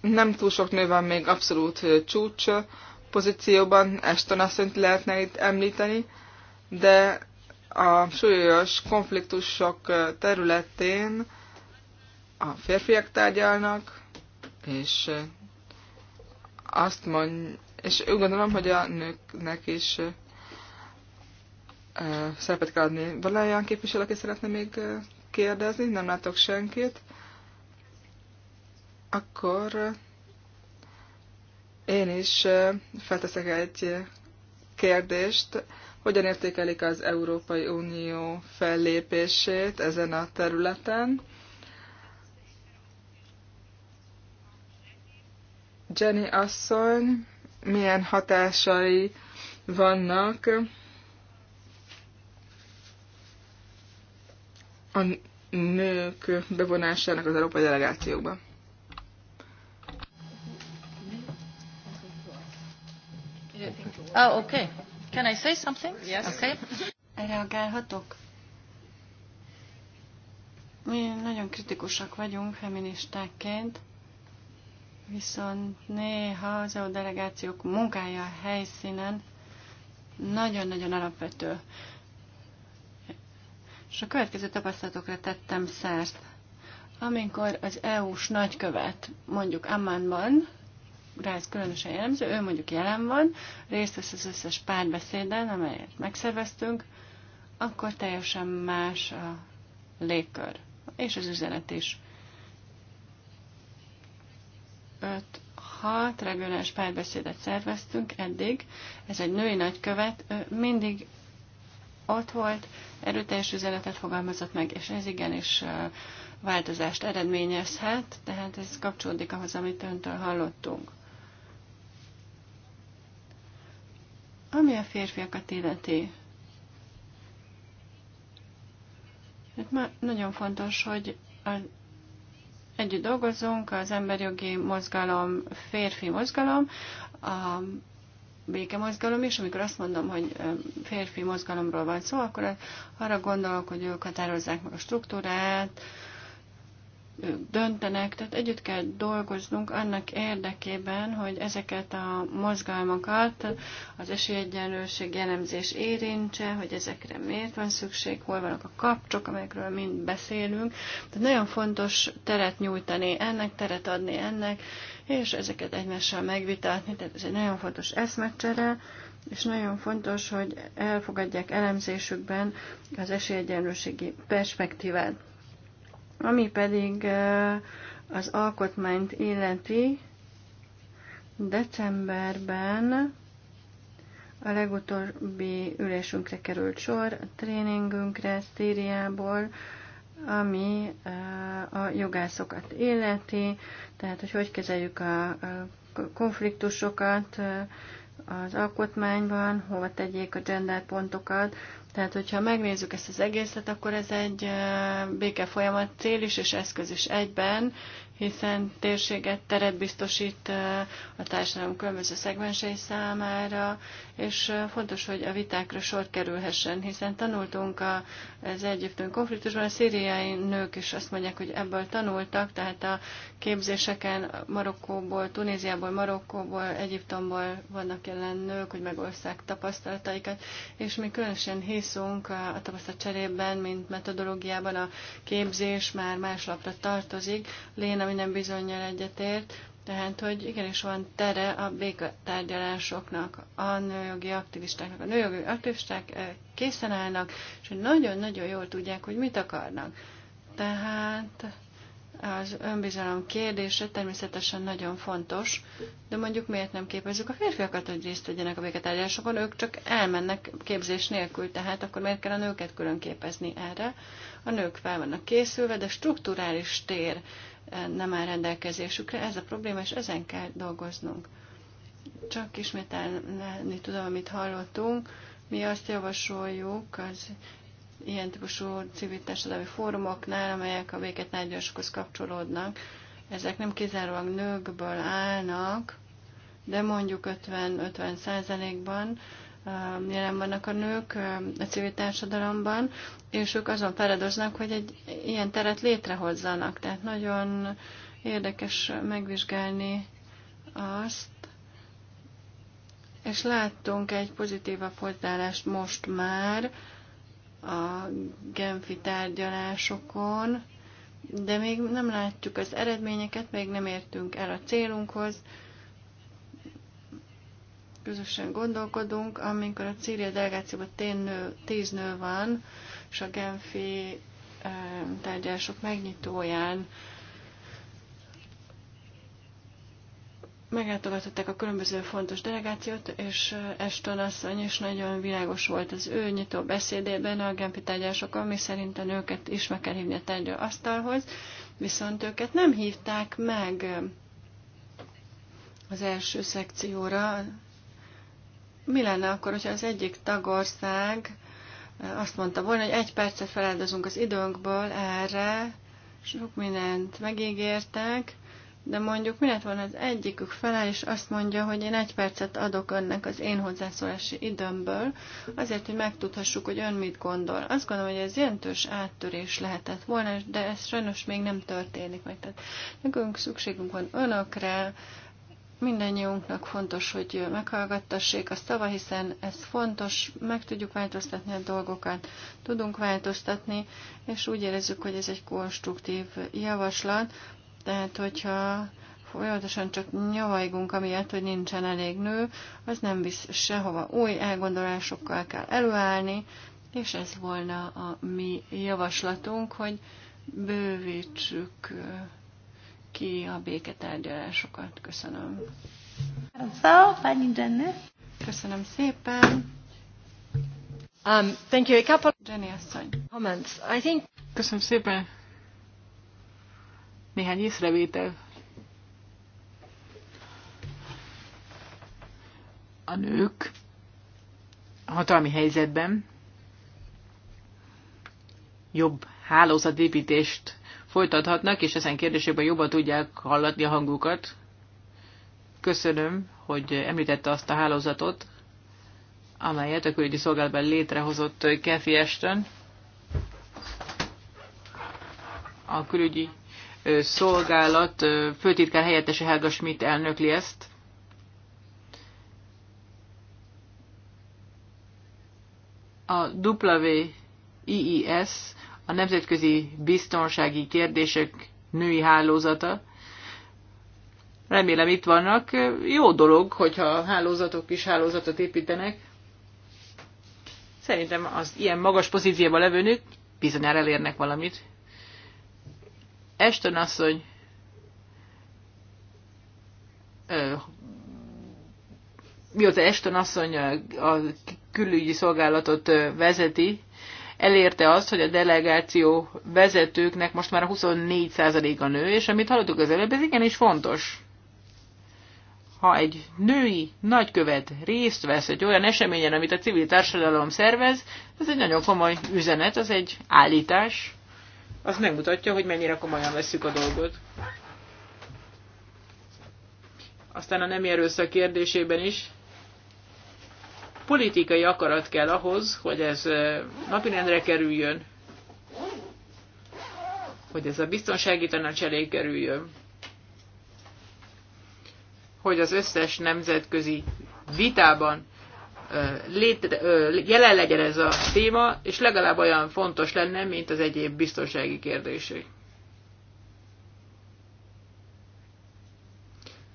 Nem túl sok nő van még abszolút csúcs pozícióban, Eston asszonyt lehetne itt említeni, de a súlyos konfliktusok területén a férfiak tárgyalnak, és azt mond, és úgy gondolom, hogy a nőknek is szerepet kell adni. Van olyan képviselő, aki szeretne még kérdezni? Nem látok senkit. Akkor én is felteszek egy kérdést hogyan értékelik az Európai Unió fellépését ezen a területen? Jenny asszony, milyen hatásai vannak a nők bevonásának az európai delegációba? Oh, okay. Can I say something? Yes. Okay. Reagálhatok? Mi nagyon kritikusak vagyunk feministákként, viszont néha az EU delegációk munkája a helyszínen nagyon-nagyon alapvető. És a következő tapasztalatokra tettem szert. Amikor az EU-s nagykövet mondjuk Ammanban ez különösen jellemző, ő mondjuk jelen van, részt vesz az összes párbeszéden, amelyet megszerveztünk, akkor teljesen más a légkör, és az üzenet is. 5-6 regionális párbeszédet szerveztünk eddig, ez egy női nagykövet, mindig ott volt, erőteljes üzenetet fogalmazott meg, és ez igenis változást eredményezhet, tehát ez kapcsolódik ahhoz, amit öntől hallottunk. Ami a férfiakat illeti, hát már nagyon fontos, hogy a, együtt dolgozunk, az emberjogi mozgalom férfi mozgalom, a béke mozgalom is, amikor azt mondom, hogy férfi mozgalomról van szó, akkor arra gondolok, hogy ők határozzák meg a struktúrát, döntenek, tehát együtt kell dolgoznunk annak érdekében, hogy ezeket a mozgalmakat az esélyegyenlőség jellemzés érintse, hogy ezekre miért van szükség, hol vannak a kapcsok, amelyekről mind beszélünk. Tehát nagyon fontos teret nyújtani ennek, teret adni ennek, és ezeket egymással megvitatni, tehát ez egy nagyon fontos eszmecsere, és nagyon fontos, hogy elfogadják elemzésükben az esélyegyenlőségi perspektívát. Ami pedig az alkotmányt illeti, decemberben a legutóbbi ülésünkre került sor, a tréningünkre Szíriából, ami a jogászokat illeti, tehát hogy hogy kezeljük a konfliktusokat az alkotmányban, hova tegyék a gender pontokat, tehát, hogyha megnézzük ezt az egészet, akkor ez egy béke folyamat cél is és eszköz is egyben, hiszen térséget, teret biztosít a társadalom különböző szegmensei számára, és fontos, hogy a vitákra sor kerülhessen, hiszen tanultunk az egyiptomi konfliktusban, a szíriai nők is azt mondják, hogy ebből tanultak, tehát a képzéseken Marokkóból, Tunéziából, Marokkóból, Egyiptomból vannak jelen nők, hogy megország tapasztalataikat, és mi különösen hiszünk a tapasztalat cserében, mint metodológiában a képzés már más lapra tartozik. Léna minden bizonyal egyetért, tehát, hogy igenis van tere a békatárgyalásoknak, a nőjogi aktivistáknak. A nőjogi aktivisták eh, készen állnak, és nagyon-nagyon jól tudják, hogy mit akarnak. Tehát az önbizalom kérdése természetesen nagyon fontos, de mondjuk miért nem képezzük a férfiakat, hogy részt vegyenek a békatárgyalásokon, ők csak elmennek képzés nélkül, tehát akkor miért kell a nőket külön képezni erre? A nők fel vannak készülve, de strukturális tér nem áll rendelkezésükre. Ez a probléma, és ezen kell dolgoznunk. Csak ismételni tudom, amit hallottunk. Mi azt javasoljuk az ilyen típusú civil társadalmi fórumoknál, amelyek a véget béketárgyasokhoz kapcsolódnak, ezek nem kizárólag nőkből állnak, de mondjuk 50-50 százalékban, -50 jelen vannak a nők a civil társadalomban, és ők azon feladoznak, hogy egy ilyen teret létrehozzanak. Tehát nagyon érdekes megvizsgálni azt, és láttunk egy pozitívabb hozzáállást most már a genfi tárgyalásokon, de még nem látjuk az eredményeket, még nem értünk el a célunkhoz, közösen gondolkodunk, amikor a Círia delegációban ténő, tíz nő van, és a Genfi eh, tárgyások megnyitóján meglátogatották a különböző fontos delegációt, és eh, Eston asszony is nagyon világos volt az ő nyitó beszédében a Genfi tárgyásokon, ami szerint a nőket is meg kell hívni a tárgyalóasztalhoz, viszont őket nem hívták meg eh, az első szekcióra, mi lenne akkor, hogyha az egyik tagország eh, azt mondta volna, hogy egy percet feláldozunk az időnkből erre, sok mindent megígértek, de mondjuk mi lett volna az egyikük feláll, és azt mondja, hogy én egy percet adok önnek az én hozzászólási időmből, azért, hogy megtudhassuk, hogy ön mit gondol. Azt gondolom, hogy ez jelentős áttörés lehetett volna, de ez sajnos még nem történik meg. Tehát nekünk szükségünk van önökre, mindannyiunknak fontos, hogy meghallgattassék a szava, hiszen ez fontos, meg tudjuk változtatni a dolgokat, tudunk változtatni, és úgy érezzük, hogy ez egy konstruktív javaslat, tehát hogyha folyamatosan csak nyavajgunk amiatt, hogy nincsen elég nő, az nem visz sehova. Új elgondolásokkal kell előállni, és ez volna a mi javaslatunk, hogy bővítsük ki a béketárgyalásokat. Köszönöm. Köszönöm szépen. Um, thank you. A couple Jenny asszony. Comments. I think... Köszönöm szépen. Néhány észrevétel. A nők hatalmi helyzetben jobb hálózatépítést folytathatnak, és ezen kérdésében jobban tudják hallatni a hangukat. Köszönöm, hogy említette azt a hálózatot, amelyet a külügyi szolgálatban létrehozott Kefi Esten. A külügyi szolgálat főtitkár helyettese Helga Schmidt elnökli ezt. A WIIS a Nemzetközi Biztonsági Kérdések női hálózata. Remélem itt vannak. Jó dolog, hogyha hálózatok is hálózatot építenek. Szerintem az ilyen magas pozícióban levő nők bizonyára elérnek valamit. Eston asszony mióta Eston asszony a külügyi szolgálatot vezeti, elérte azt, hogy a delegáció vezetőknek most már a 24% a nő, és amit hallottuk az előbb, ez igenis fontos. Ha egy női nagykövet részt vesz egy olyan eseményen, amit a civil társadalom szervez, ez egy nagyon komoly üzenet, az egy állítás. Az megmutatja, hogy mennyire komolyan veszük a dolgot. Aztán a nem erőszak kérdésében is Politikai akarat kell ahhoz, hogy ez napirendre kerüljön, hogy ez a biztonsági tanács elé kerüljön, hogy az összes nemzetközi vitában létre, jelen legyen ez a téma, és legalább olyan fontos lenne, mint az egyéb biztonsági kérdések.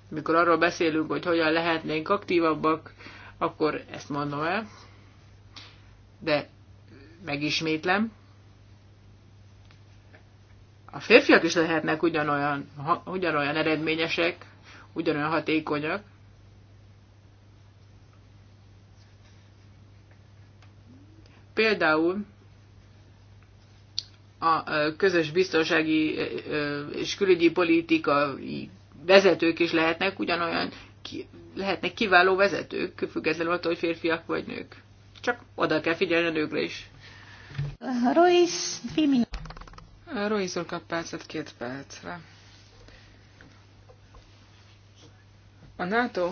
Mikor arról beszélünk, hogy hogyan lehetnénk aktívabbak akkor ezt mondom el, de megismétlem. A férfiak is lehetnek ugyanolyan, ha, ugyanolyan eredményesek, ugyanolyan hatékonyak, Például a közös biztonsági és külügyi politikai vezetők is lehetnek ugyanolyan ki, lehetnek kiváló vezetők, függetlenül attól, hogy férfiak vagy nők. Csak oda kell figyelni a nőkre is. Ruiz, Fimi. kap percet két percre. A NATO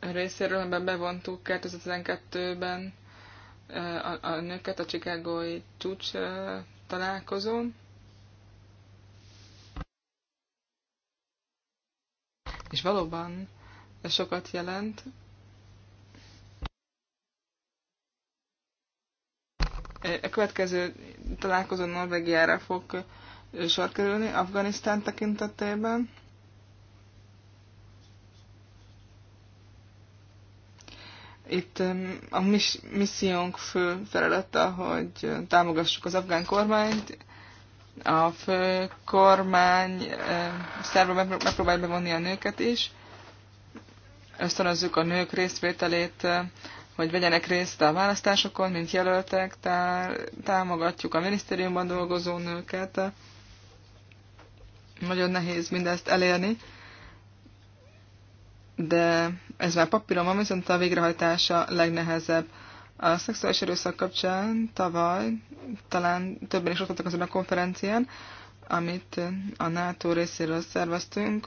részéről, amiben bevontuk 2012-ben eh, a, a nőket a Chicagói csúcs eh, találkozón, és valóban ez sokat jelent. A következő találkozó Norvégiára fog sor kerülni, Afganisztán tekintetében. Itt a missziónk fő feladata, hogy támogassuk az afgán kormányt, a fő kormány eh, szerve megpróbálja bevonni a nőket is. Ösztönözzük a nők részvételét, eh, hogy vegyenek részt a választásokon, mint jelöltek, támogatjuk a minisztériumban dolgozó nőket. Nagyon nehéz mindezt elérni, de ez már papíron van, viszont a végrehajtása legnehezebb. A szexuális erőszak kapcsán tavaly talán többen is ott voltak azon a konferencián, amit a NATO részéről szerveztünk.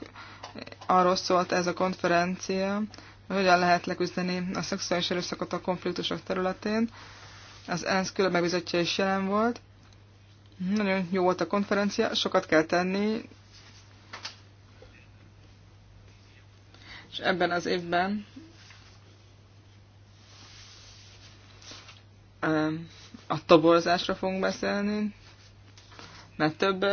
Arról szólt ez a konferencia, hogy hogyan lehet leküzdeni a szexuális erőszakot a konfliktusok területén. Az ENSZ külön megbizotja is jelen volt. Nagyon jó volt a konferencia, sokat kell tenni, és ebben az évben a toborzásra fogunk beszélni, mert több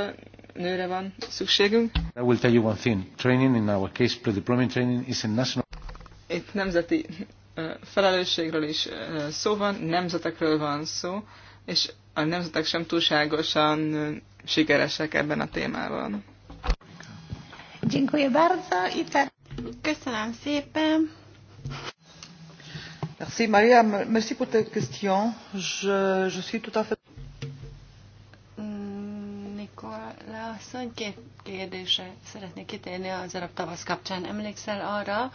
nőre van szükségünk. I will tell you one thing. Training in our case, pre-deployment training is a national... Itt nemzeti felelősségről is szó van, nemzetekről van szó, és a nemzetek sem túlságosan sikeresek ebben a témában. Dziękuję bardzo i Köszönöm szépen. Merci Maria, merci pour tes questions. Je, je suis tout à mm, Nikola asszony, két kérdése szeretnék kitérni az arab tavasz kapcsán. Emlékszel arra,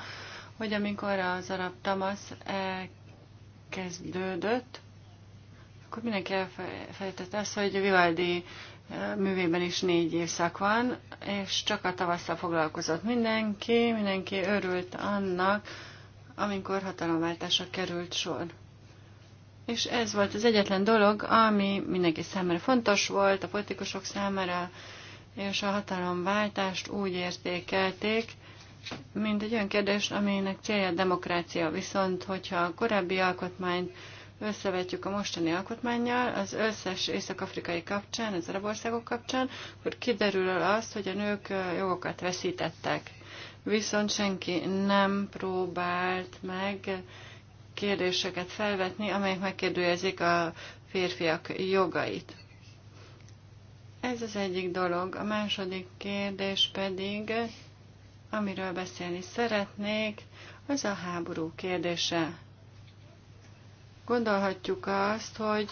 hogy amikor az arab tavasz kezdődött, akkor mindenki elfelejtette azt, hogy a Vivaldi eh, művében is négy évszak van, és csak a tavasszal foglalkozott mindenki, mindenki örült annak, amikor hatalomváltásra került sor. És ez volt az egyetlen dolog, ami mindenki számára fontos volt, a politikusok számára, és a hatalomváltást úgy értékelték, mint egy olyan kérdés, aminek célja a demokrácia. Viszont, hogyha a korábbi alkotmányt összevetjük a mostani alkotmányjal, az összes észak-afrikai kapcsán, az arab országok kapcsán, akkor kiderül az, hogy a nők jogokat veszítettek viszont senki nem próbált meg kérdéseket felvetni, amelyek megkérdőjezik a férfiak jogait. Ez az egyik dolog. A második kérdés pedig, amiről beszélni szeretnék, az a háború kérdése. Gondolhatjuk azt, hogy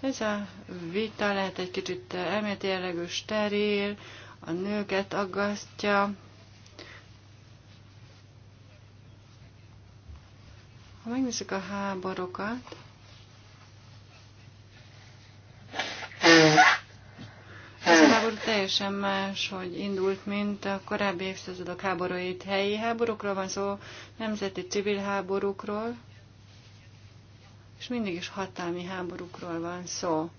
ez a vita lehet egy kicsit elméleti jellegű steril, a nőket aggasztja, Ha megnézzük a háborokat, ez a háború teljesen más, hogy indult, mint a korábbi évszázadok háborúit. Helyi háborúkról van szó, nemzeti civil háborúkról, és mindig is hatalmi háborúkról van szó.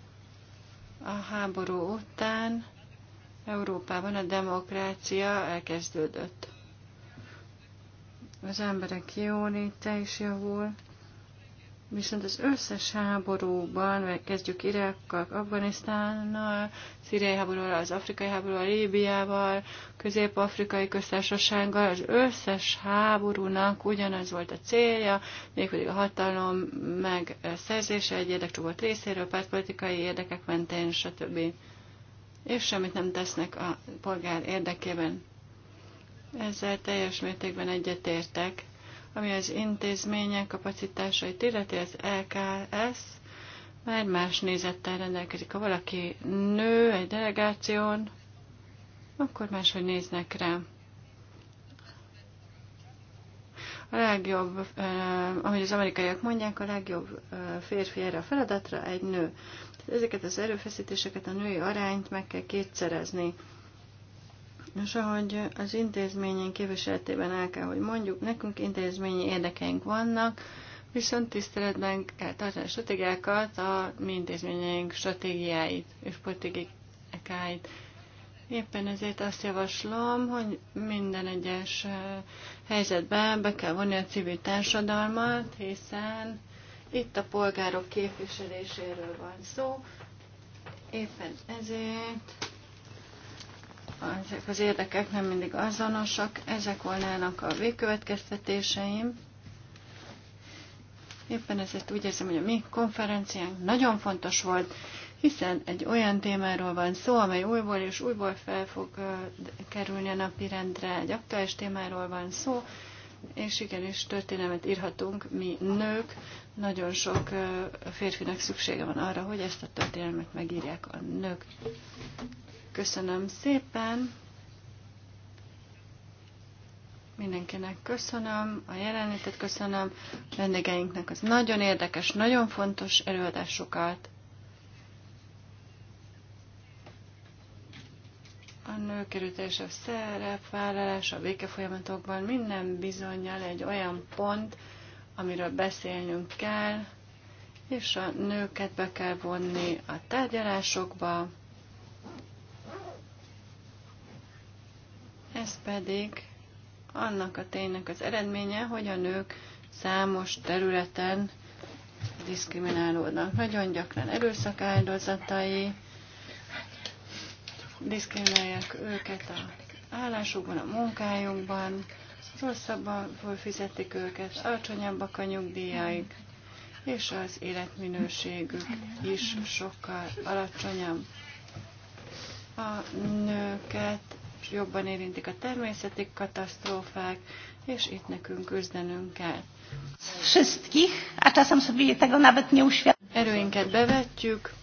A háború után Európában a demokrácia elkezdődött az emberek jóléte is javul, viszont az összes háborúban, vagy kezdjük Irakkal, Afganisztánnal, szíriai háborúval, az afrikai háborúval, Líbiával, közép-afrikai köztársasággal, az összes háborúnak ugyanaz volt a célja, mégpedig a hatalom megszerzése egy érdekcsoport részéről, pártpolitikai érdekek mentén, stb. És semmit nem tesznek a polgár érdekében. Ezzel teljes mértékben egyetértek, ami az intézmények kapacitásait illeti, az LKS mert más nézettel rendelkezik. Ha valaki nő egy delegáción, akkor máshogy néznek rá. A legjobb, eh, ahogy az amerikaiak mondják, a legjobb eh, férfi erre a feladatra egy nő. Ezeket az erőfeszítéseket, a női arányt meg kell kétszerezni. És ahogy az intézményen képviseletében el kell, hogy mondjuk, nekünk intézményi érdekeink vannak, viszont tiszteletben kell tartani a stratégiákat, a mi intézményeink stratégiáit és politikáit. Éppen ezért azt javaslom, hogy minden egyes helyzetben be kell vonni a civil társadalmat, hiszen itt a polgárok képviseléséről van szó. Éppen ezért ezek az érdekek nem mindig azonosak, ezek volnának a végkövetkeztetéseim. Éppen ezért úgy érzem, hogy a mi konferenciánk nagyon fontos volt, hiszen egy olyan témáról van szó, amely újból és újból fel fog kerülni a napirendre, egy aktuális témáról van szó, és igenis történelmet írhatunk, mi nők, nagyon sok férfinak szüksége van arra, hogy ezt a történelmet megírják a nők. Köszönöm szépen. Mindenkinek köszönöm, a jelenlétet köszönöm, vendégeinknek az nagyon érdekes, nagyon fontos előadásokat. a nők erőteljes a szerepvállalás, a békefolyamatokban minden bizonyal egy olyan pont, amiről beszélnünk kell, és a nőket be kell vonni a tárgyalásokba, Ez pedig annak a ténynek az eredménye, hogy a nők számos területen diszkriminálódnak. Nagyon gyakran erőszak áldozatai, diszkriminálják őket a állásukban, a munkájukban, rosszabbul fizetik őket, alacsonyabbak a nyugdíjaik, és az életminőségük is sokkal alacsonyabb. A nőket és jobban érintik a természeti katasztrófák, és itt nekünk küzdenünk kell. a Erőinket bevetjük,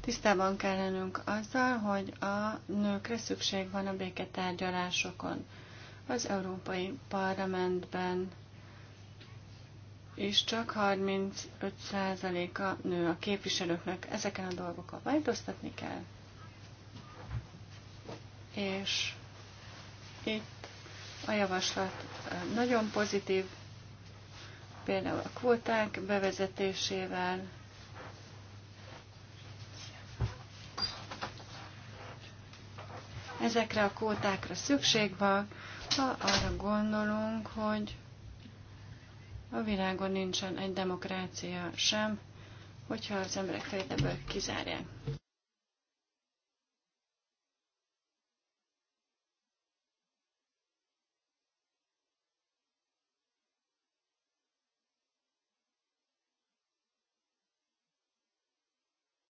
Tisztában kell lennünk azzal, hogy a nőkre szükség van a béketárgyalásokon. Az Európai Parlamentben és csak 35%-a nő a képviselőknek. Ezeken a dolgokon változtatni kell. És itt a javaslat nagyon pozitív, például a kvóták bevezetésével, Ezekre a kvótákra szükség van, ha arra gondolunk, hogy a világon nincsen egy demokrácia sem, hogyha az emberek ebből kizárják.